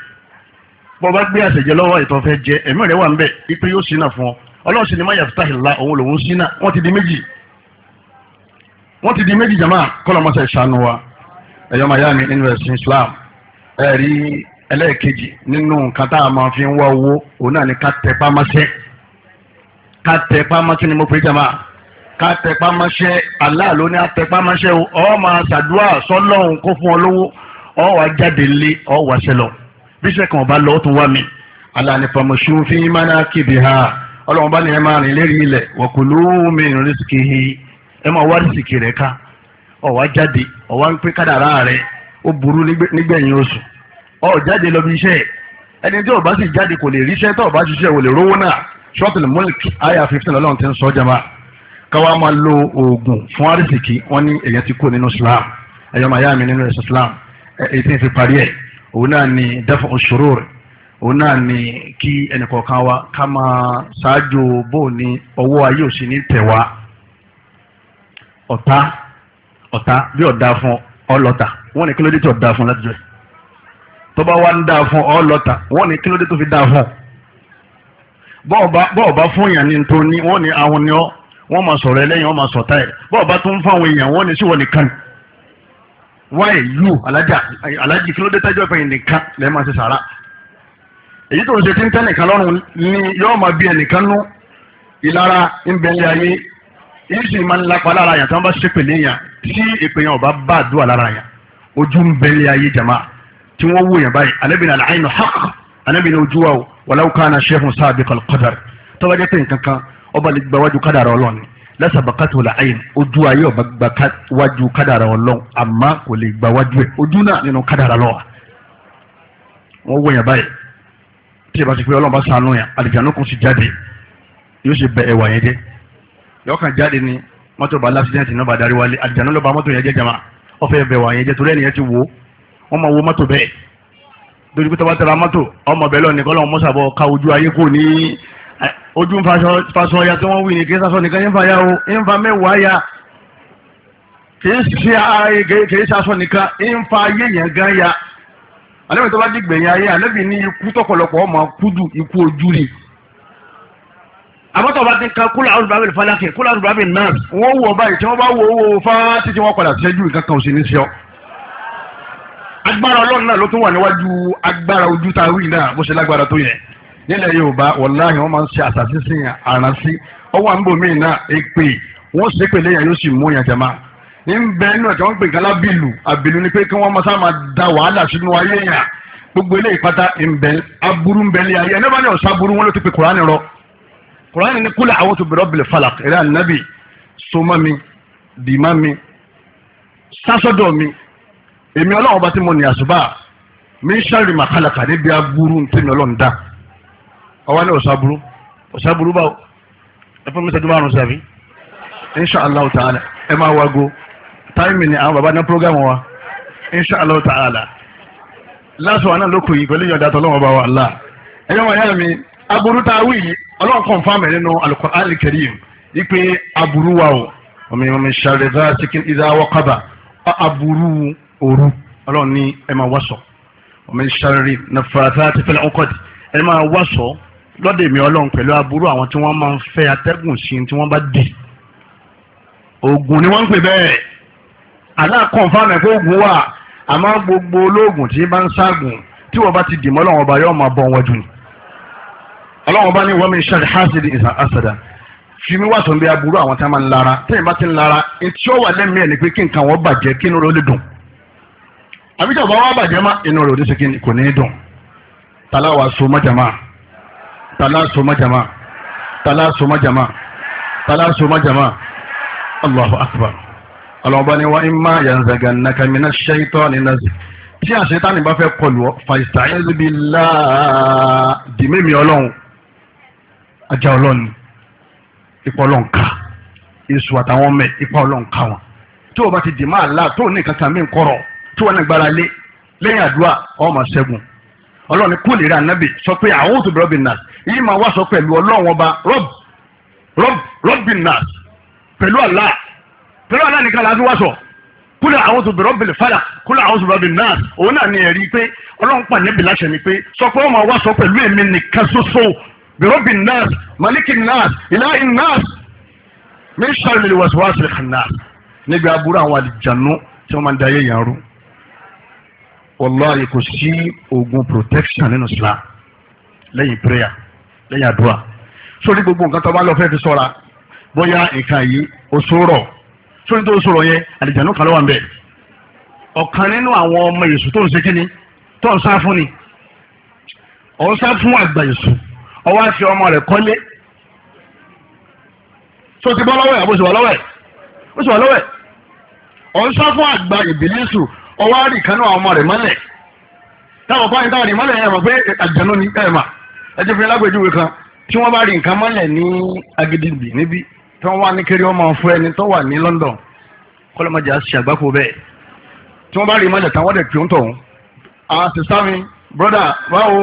bọ́ bá gbé àṣẹjẹ lọ́wọ́ ìtọ́ fẹ́ jẹ ẹ̀mí rẹ̀ wà ń bẹ̀ ipe yóò sínà fún ọ ọlọ́run sì ni máyà fúta ìlà òun lòun sínà wọ́n ti di méjì wọ́n ti di méjì jàmá kọ́lọ́mọṣẹ́ ìṣàánú wa ẹ̀yọ́ màyá mi nínú ẹ̀sìn Islam ẹ̀rí ẹlẹ́ẹ̀kejì nínú nǹkan tá a máa fi ń wá owó òun náà ni ká tẹpá mọ́ṣẹ́ Allah ló ní àtẹpá mọ́ṣẹ́ o ọ máa ṣàdúrà sọ́lọ́hún kó fún ọ lówó ọ wà jáde lé ọ wà ṣẹlọ bí sẹ́kàn ọba lọ́ọ́ tún wá mi Allah ní famushu fi manakibiha ọlọ́run bá ní ẹ máa rìn lérí ilẹ̀ wa kulu min rizkihi ẹ máa wá rìsìkì rẹ̀ ká ọ wá jáde ọ wá ń pín kádàrá rẹ̀ ó burú nígbẹ̀yìn oṣù ọ jáde lọ bí iṣẹ́ ẹni tí ó sì jáde kò lè ríṣẹ́ tó bá ṣiṣẹ́ wò lè rówó náà ṣọ́ọ̀tì mọ́lìkì àyà fifteen ọlọ́run ti ń sọ jama káwa máa lo oògùn fún àrísìkí wọ́n ní èyàn ti kú nínú islam ẹ̀yọ́ màá yá mi nínú ẹ̀sìn islam èyí tí ń fi parí ẹ̀ òun náà ni dafa òṣòro rẹ̀ òun náà ni kí ẹnìkọ̀ọ̀kan wa ká máa ṣáájú bó ní ọwọ́ ayé òsì ní tẹ̀wá ọ̀tá ọ̀tá bí ọ̀dà fún ọlọ́ta wọ́n ní kílódé tí ọ̀dà fún látijọ́ tó bá wá ń dà fún ọlọ́ta wọ́n ní kílódé tó fi dà fún bọ́ọ̀bá fún yàn ní tó ní wọ́n ní àwọn ni ọ́ wọ́n máa sọ̀rọ̀ ẹlẹ́yìn wọ́n máa sọ̀tá ẹ̀ bọ́ọ̀ bá tún fáwọn èèyàn wọ́n ní sí wọn nìkan why you alájà alájì kí ló dé tájọ́ ìfẹ̀yìn nìkan lẹ́ẹ̀ máa ṣe sàrà èyí tó ń ṣe tí ń tẹ́ nìkan lọ́rùn ni yóò máa bí ẹnìkan nú ìlara ìbẹ̀lẹ̀ ayé èyí sì máa ń lapa lára yàn tí wọ́n bá ṣépè léyàn tí èpè yẹn ò bá bá àdúrà lára yàn ojú ń bẹ̀lẹ̀ ayé jàmá tí wọ́n wò báyìí alẹ́bìnrin àlàyé nù hàk alẹ́bìnrin ojú wa o wàlá ọba lè gba wájú kádàrá ọlọ́run lásàbàkàtò làáyìn ojú ayé ọba gba wájú kádàrá ọlọ́run àmọ́ kò lè gba wájú ẹ̀ ojú náà nínú kádàrá lọ́wọ́ wọ́n wọ̀nyẹn báyìí tí ìbá ti pé ọlọ́run bá sànú yẹn àlìjáná kò sì jáde yóò sì bẹ ẹwà yẹn jẹ yóò kàn jáde ni mọ́tò bá lásìdẹ́ǹtì náà bá darí wálé àlìjáná ló bà mọ́tò yẹn jẹ́ jama ọ̀fẹ́ bẹ̀ wà yẹn jẹ́ torí ẹnìyẹn ti wò wọ́n máa wo mọ́tò bẹ́ẹ̀ dojú pé tọ́ba tẹ̀ra mọ́tò ọmọ bẹ́ẹ̀ lọ́ọ̀ni kọ́lọ́ọ̀ mọ́sàbọ̀ ka ojú ayé kò ní ojú faṣọ ọya tí wọ́n wí ní kí sásọ nìkan yín fa ya o yín fa mẹ́wàá ya kìí ṣe ààyè kìí sásọ nìkan yín fa ayé yẹn gan ya alẹ́bí tó bá di gbẹ̀yìn ayé alẹ́bí ní ikú tọ̀pọ̀lọpọ̀ ọmọ kúdù ikú ojú ni àbọ̀tọ̀ bá ti ka kúlọ̀ àwọn olùbáwí falákè kúlọ̀ àwọn olùbáwí náà wọ́n wọ̀ báyìí tí wọ́n bá wo owó fáá títí wọ́n padà ṣẹ́jú nǹkan kan sí ní ṣọ́ agbára ọlọ́run náà ló tún wà níwájú agbára ojú tá a wí náà bó ṣe lágbára tó yẹn nílẹ̀ yorùbá wàláhì wọ́n máa ń ṣe àṣàṣì sí àrànṣí ọwọ́ àǹbòmí náà èpè wọ́n ṣe pèlè yẹn yóò sì mú yẹn jẹ̀má ní bẹ́ẹ̀ náà tí wọ́n gbé nǹkan lábìlù àbìlù ni pé kí wọ́n máa máa da wàhálà sínú ayé yẹn gbogbo eléyìí pátá ìbẹ̀ aburú ń bẹ̀lẹ̀ ayé ẹni bá ní ọ̀sán aburú wọn pe kùránì rọ mi ń ṣàrìmà kálàkà níbi ọlọ́run ọwọ́ ní ọ̀sàbúrú ọ̀sàbúrú báwo ẹ fún mi sẹ́jú márùn-ún sàbí insha allah ta'ala ẹ máa wago táìmì ni àwọn bàbá ní prógámù wa insha allah ta'ala lásìkò àná ló kù yìí pẹ̀lú ìyọ̀dá tọ́lọ́wọ́ bá wa Allah ẹ̀yọ́ wọn yára mi aburú tá a wí yìí ọlọ́run confirm nínú al-Qur'an al-Karim ipe aburú wa o ọmọ ìmọ̀ ìṣàlẹ̀ bá sikin idha waqaba aburú òru ọlọ́run ní ẹ máa wá sọ ọmọ ìṣàlẹ̀ nàfàtà ti fẹ́lẹ̀ ẹ máa wá sọ lọ́dẹ̀ mi ọlọ́run pẹ̀lú aburú àwọn tí wọ́n máa ń fẹ́ atẹ́gùn sí tí wọ́n bá dì oògùn ni wọ́n ń pè bẹ́ẹ̀ aláàkọ̀ǹfàmù pé oògùn wà àmọ́ gbogbo olóògùn tí bá ń ságùn tí wọ́n bá ti dì mọ́ ọlọ́run ọba yóò máa bọ̀ wọn jù ní ọlọ́run ọba ní wọ́n mi ṣe hásìdì ìsàn fi mi wà tó bí aburú àwọn tí wọ́n máa ń lara tẹ́yìn bá ti ń lara etí ó wà lẹ́mìí ẹ̀ ni pé kí nǹkan wọn bàjẹ́ kí inú rẹ̀ ó tala soma jama tala soma jama tala jama allahu akbar ọlọ́ba ni wa imma yanzagannaka minash shaitani nazg tí àṣetánì bá fẹ́ kọlù ọ fasta'iz billah dìmẹ́mi ọlọ́run ajá ọlọ́run ipa ọlọ́run ká èso àtàwọn ọmọ ipa ọlọ́run ká wọn tí o bá ti dì máa la tó ní kankan mí kọ̀rọ̀ tí wọn náà gbára lé lẹ́yìn àdúrà ọmọ ṣẹ́gun ọlọ́run ní kúlì rẹ̀ ànábì sọ pé àwọn òtún rọ́bì náà yìí máa wá sọ pẹ̀lú ọlọ́run ọba rọ́bì rọ́bì rọ́bì náà pẹ̀lú àlá pẹ̀lú àlá nìkan láti wá sọ kúlẹ̀ àwọn òtún rọ́bì fàlà kúlẹ̀ àwọn òtún rọ́bì náà òun náà ni ẹ̀rí pé ọlọ́run pà níbi láṣẹ ni pé sọ pé wọ́n máa wá sọ pẹ̀lú èmi nìkan ṣoṣo rọ́bì náà màlíkì náà ìlàhì náà mi ṣàlùmí wàsíwàsí kan náà níbi àwọn àlìjànú tí wọ́n máa ń wàláyé kò sí oògùn protection nínú Islam lẹ́yìn prayer lẹ́yìn àdúrà sórí gbogbo nǹkan tó bá lọ fẹ́ fi sọ́ra bóyá nǹkan yìí ó sọ̀rọ̀ sórí tó sọ̀rọ̀ yẹn àlìjánu kan ló wà ń bẹ̀ ọ̀kan nínú àwọn ọmọ Èṣù tó ń ṣe kíni tó ń sá fún ni ọ̀ ń sá fún àgbà Èṣù ọwọ́ àti ọmọ rẹ̀ kọ́lé tó ti bọ́ lọ́wọ́ ẹ̀ àbóṣe wà lọ́wọ́ ẹ̀ ọ̀ ń sá fún àgbà Ìbílísù ọwọ́ àrí kan náà ọmọ rẹ̀ mọ́lẹ̀ táwọn fáyín táwọn ìmọ́lẹ̀ yẹn mọ̀ pé àjẹnú ni ẹ̀ mà ẹ ti fi lágbèjúwe kan tí wọ́n bá rí nǹkan mọ́lẹ̀ ní Agídìgbì níbi tí wọ́n wá ní kiri ọmọ fún ẹni tó wà ní London kọ́lọ́mọdé àti ṣàgbákò bẹ́ẹ̀ tí wọ́n bá rí mọ́lẹ̀ táwọn dẹ̀ pè ń tọ̀hún àwọn ti sá mi brọ́dà báwo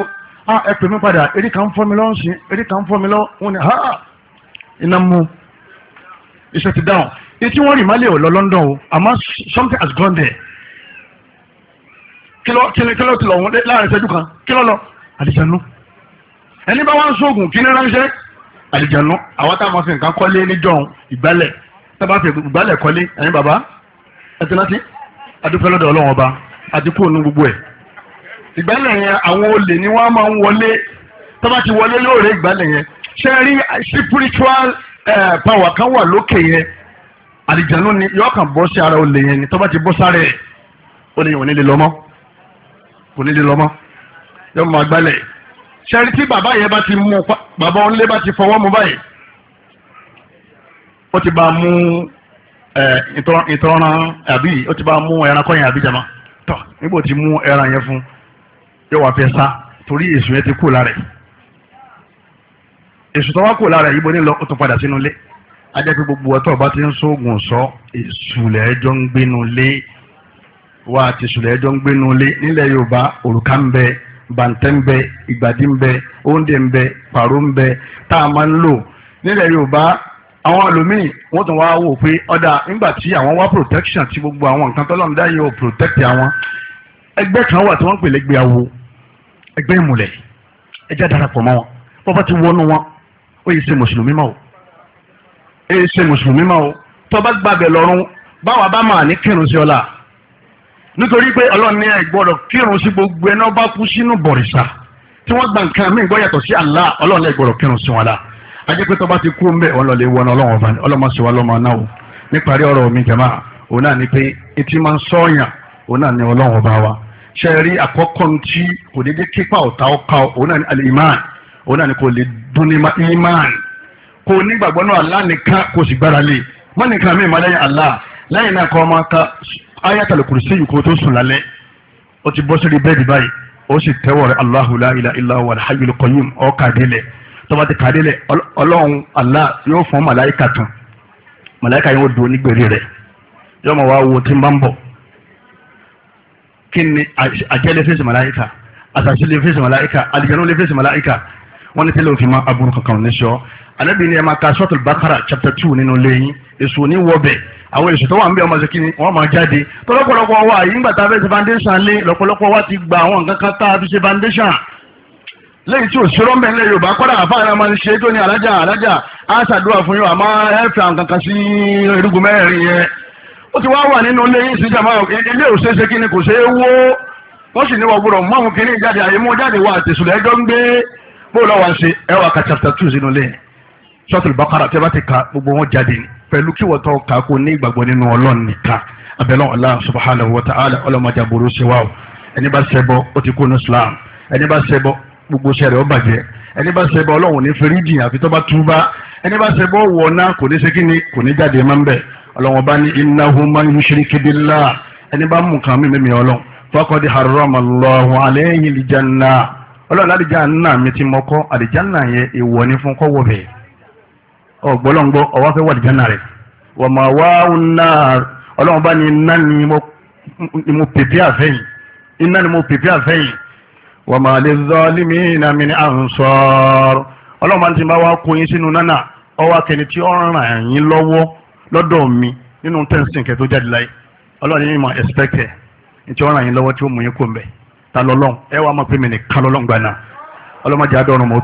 ah, ẹ pè mí padà eré kan fọ́ mi lọ́wọ́ sí eré kan fọ́ mi lọ́wọ́ wọn ni ha iná mú iṣẹ́ ti dáhùn etí wọ́n rí mọ́lẹ̀ ò lọ London o àmọ́ something has gone there. Kilo kilo kilo kilo wọn láàrin ìṣẹ́jú kan kílọ̀ lọ àlìjànú ẹni bá wá ń sóògùn kí ní ránṣẹ́ àlìjànú àwọn táwọn máa fi nǹkan kọ́lé níjọ́ ìgbálẹ̀ tábà fi ìgbálẹ̀ kọ́lé ẹ̀yin bàbá ẹ ti rántí adúpẹ́ lọ́dọ̀ ọlọ́run ọba àti kúrò ní gbogbo ẹ̀ ìgbálẹ̀ yẹn àwọn olè ni wọ́n máa ń wọlé tábà ti wọlé lóòrè ìgbálẹ̀ yẹn ṣe rí spiritual power kan wà lókè yẹn àlìjànú ni yọ̀ọ̀kan bọ́ sí ara olè yẹn ni tábà ti bọ́ sára ẹ̀ olè yẹn ò kò ní lè lọ mọ́ yóò máa gbálẹ̀ ṣẹ́rí tí bàbá yẹn bá ti mú bàbá onílé bá ti fọwọ́ mu báyìí ó ti bá mú ìtọ́ran àbí ó ti bá mú ẹranko yẹn àbí jama tọ́ nígbà tí mú ẹran yẹn fún yóò wá fẹ́ sá torí èṣù yẹn ti kú lára ẹ̀ èṣù tó wá kú lára ẹ̀ yìí bó ní lọ ó tún padà sínú ilé ajẹ́ pé gbogbo ọtọ́ ọba ti ń sóògùn sọ èṣù lẹ́ẹ̀jọ́ ń gbénu lé wa àti sùlẹ̀ ẹjọ́ ń gbénu lé nílẹ̀ yorùbá òrùka ń bẹ bàǹtẹ́ ń bẹ ìgbàdí ń bẹ oúnjẹ ń bẹ pàrọ̀ ń bẹ tá a máa ń lò nílẹ̀ yorùbá àwọn ẹlòmíì wọ́n tún wá wò pé ọ̀dà nígbà tí àwọn wá protection tí gbogbo àwọn nǹkan tó lọ́mọdé yóò protect àwọn ẹgbẹ́ kan wà tí wọ́n ń pè lẹ́gbẹ́ awo ẹgbẹ́ ìmùlẹ̀ ẹjẹ́ darapọ̀ mọ́ wọn bọ́bá ti wọnú wọn ó yẹ ṣe mùsùlùmí mọ́ o èyí ṣe mùsùlùmí mọ́ o tọ́ bá gbàgbẹ́ lọ́rùn báwa bá máa ní kírun sí ọ la nítorí pé ọlọ́run ní ẹ̀gbọ́dọ̀ kírun sí gbogbo ẹni ọba kú sínú bọ̀rìṣà tí wọ́n gba nǹkan mí gbọ́ yàtọ̀ sí Allah ọlọ́run ẹ̀gbọ́dọ̀ kírun sí wọn la ajẹ́pẹ́ tó bá ti kú mbẹ́ wọn lọ lè wọnà ọlọ́run ọba ọlọ́mọ sí wa lọ́mọ náà o níparí ọ̀rọ̀ mi jama òun náà ni pé etí máa ń sọ́ọ̀yàn òun náà ni ọlọ́run ọba wa ṣe rí àkọ́kọ́ ntí kò ni al-iman ni kò lè dún ní iman kò Allah nìkan kò sì gbára lé mọ́ Allah lẹ́yìn náà kọ́ ayatul kursi yìí kó tó sùn lálẹ́ ó ti bọ́ sórí bẹ́ẹ̀dì báyìí ó sì tẹ́wọ̀ rẹ̀ Allahu la ilaha illa huwa al-hayyul qayyum ọ́ kàdélẹ̀ tọ́ba ti kàdélẹ̀ ọlọ́run Allah yóò fún màláìkà tán màláìkà yóò dùn nígbèrè rẹ̀ yóò mọ̀ wá wo tí ń bá ń bọ̀ kí ni àjẹ́lẹ̀ fèsì màláìkà àtàṣe lè fèsì màláìkà àlìjẹ́nu lè fèsì màláìkà wọ́n ní tẹ́lẹ̀ òfin máa aburú kankan ní sọ anabi ni ẹ máa ka sọ́tò bakara chapter two nínú lẹ́yìn èso ní wọ́bẹ̀ àwọn èso tó wà ń bẹ ọmọ ṣe kíni wọ́n máa jáde tọ́lọ́pọ̀lọpọ̀ wa yìí ńgbà tá a fẹ́ ṣe foundation lé lọ́pọ̀lọpọ̀ wa ti gba àwọn nǹkan kan tá a fi ṣe foundation lẹ́yìn tí òṣèrò mẹ́rin lẹ́yìn yorùbá kọ́dà àfáàrà náà máa ń ṣe é tó ní alájà alájà á ṣàdúrà fún yóò àmọ́ ẹ fẹ́ àwọn kankan sí irúgbìn mẹ́rin yẹn ó ti wá wà nínú lẹ́yìn sí jàmbá ilé òṣèṣe kíni kò ṣeé wó wọ́n sì ní wọ́n gbọ́dọ̀ mú àwọn kíní jáde àyè mú jáde wà àtẹ̀sùlẹ̀ ẹjọ́ ń gbé bó lọ́wọ́ ṣe ẹwà ka chapter two sínú lẹ́yìn sọ́tùlù bàkàrà tí a bá ti ka gbogbo wọn jáde pẹ̀lú kí wọ́n tọ́ ka kó ní ìgbàgbọ́ nínú ọlọ́run nìkan abẹ́lẹ́ Allah subhanahu wa ta'ala ọlọ́mọdé burú sí wa o ẹni bá ṣẹbọ ó ti kó ní Islam ẹni bá ṣẹbọ gbogbo sẹ́rẹ̀ ó bàjẹ́ ẹni bá ṣẹbọ ọlọ́run ní fẹ́ríjì àfi tó bá túbá ẹni bá ṣẹbọ wọ̀ọ́ná kò ní sekínì kò ní jáde máa ń bẹ̀ ọlọ́run bá ní innahu man yushrik billah ẹni bá mú kan mímí ọlọ́run faqad harrama Allahu alayhi al-janna ọlọ́run mi ti mọ́kọ́ àlìjáná yẹn ìwọ ni fún kọ́wọ́ bẹ́ẹ̀ ọ̀gbọ́lọ́ngbọ́ ọwọ́ fẹ́ wà lìjánà rẹ̀ wọ́n máa wá ọ̀nà ọlọ́run bá ní iná ni mo pèpè àfẹ́yìn iná ni mo pèpè àfẹ́yìn wọ́n máa lè zọ límì iná mi ní ànsọ́ọ̀rọ̀ ọlọ́run bá ti bá wá kó yín sínú nánà ọwọ́ akẹni tí ó ràn yín lọ́wọ́ lọ́dọ̀ mi nínú tẹ́ǹsìn kẹ́ tó jáde láyé ọlọ́run yín máa ẹ̀sìpẹ́kẹ̀ tí ó ràn yín lọ́wọ́ tí ó mú yín kó mbẹ́ ta lọ́lọ́run ẹ wá máa pè mí nìkan lọ́lọ́run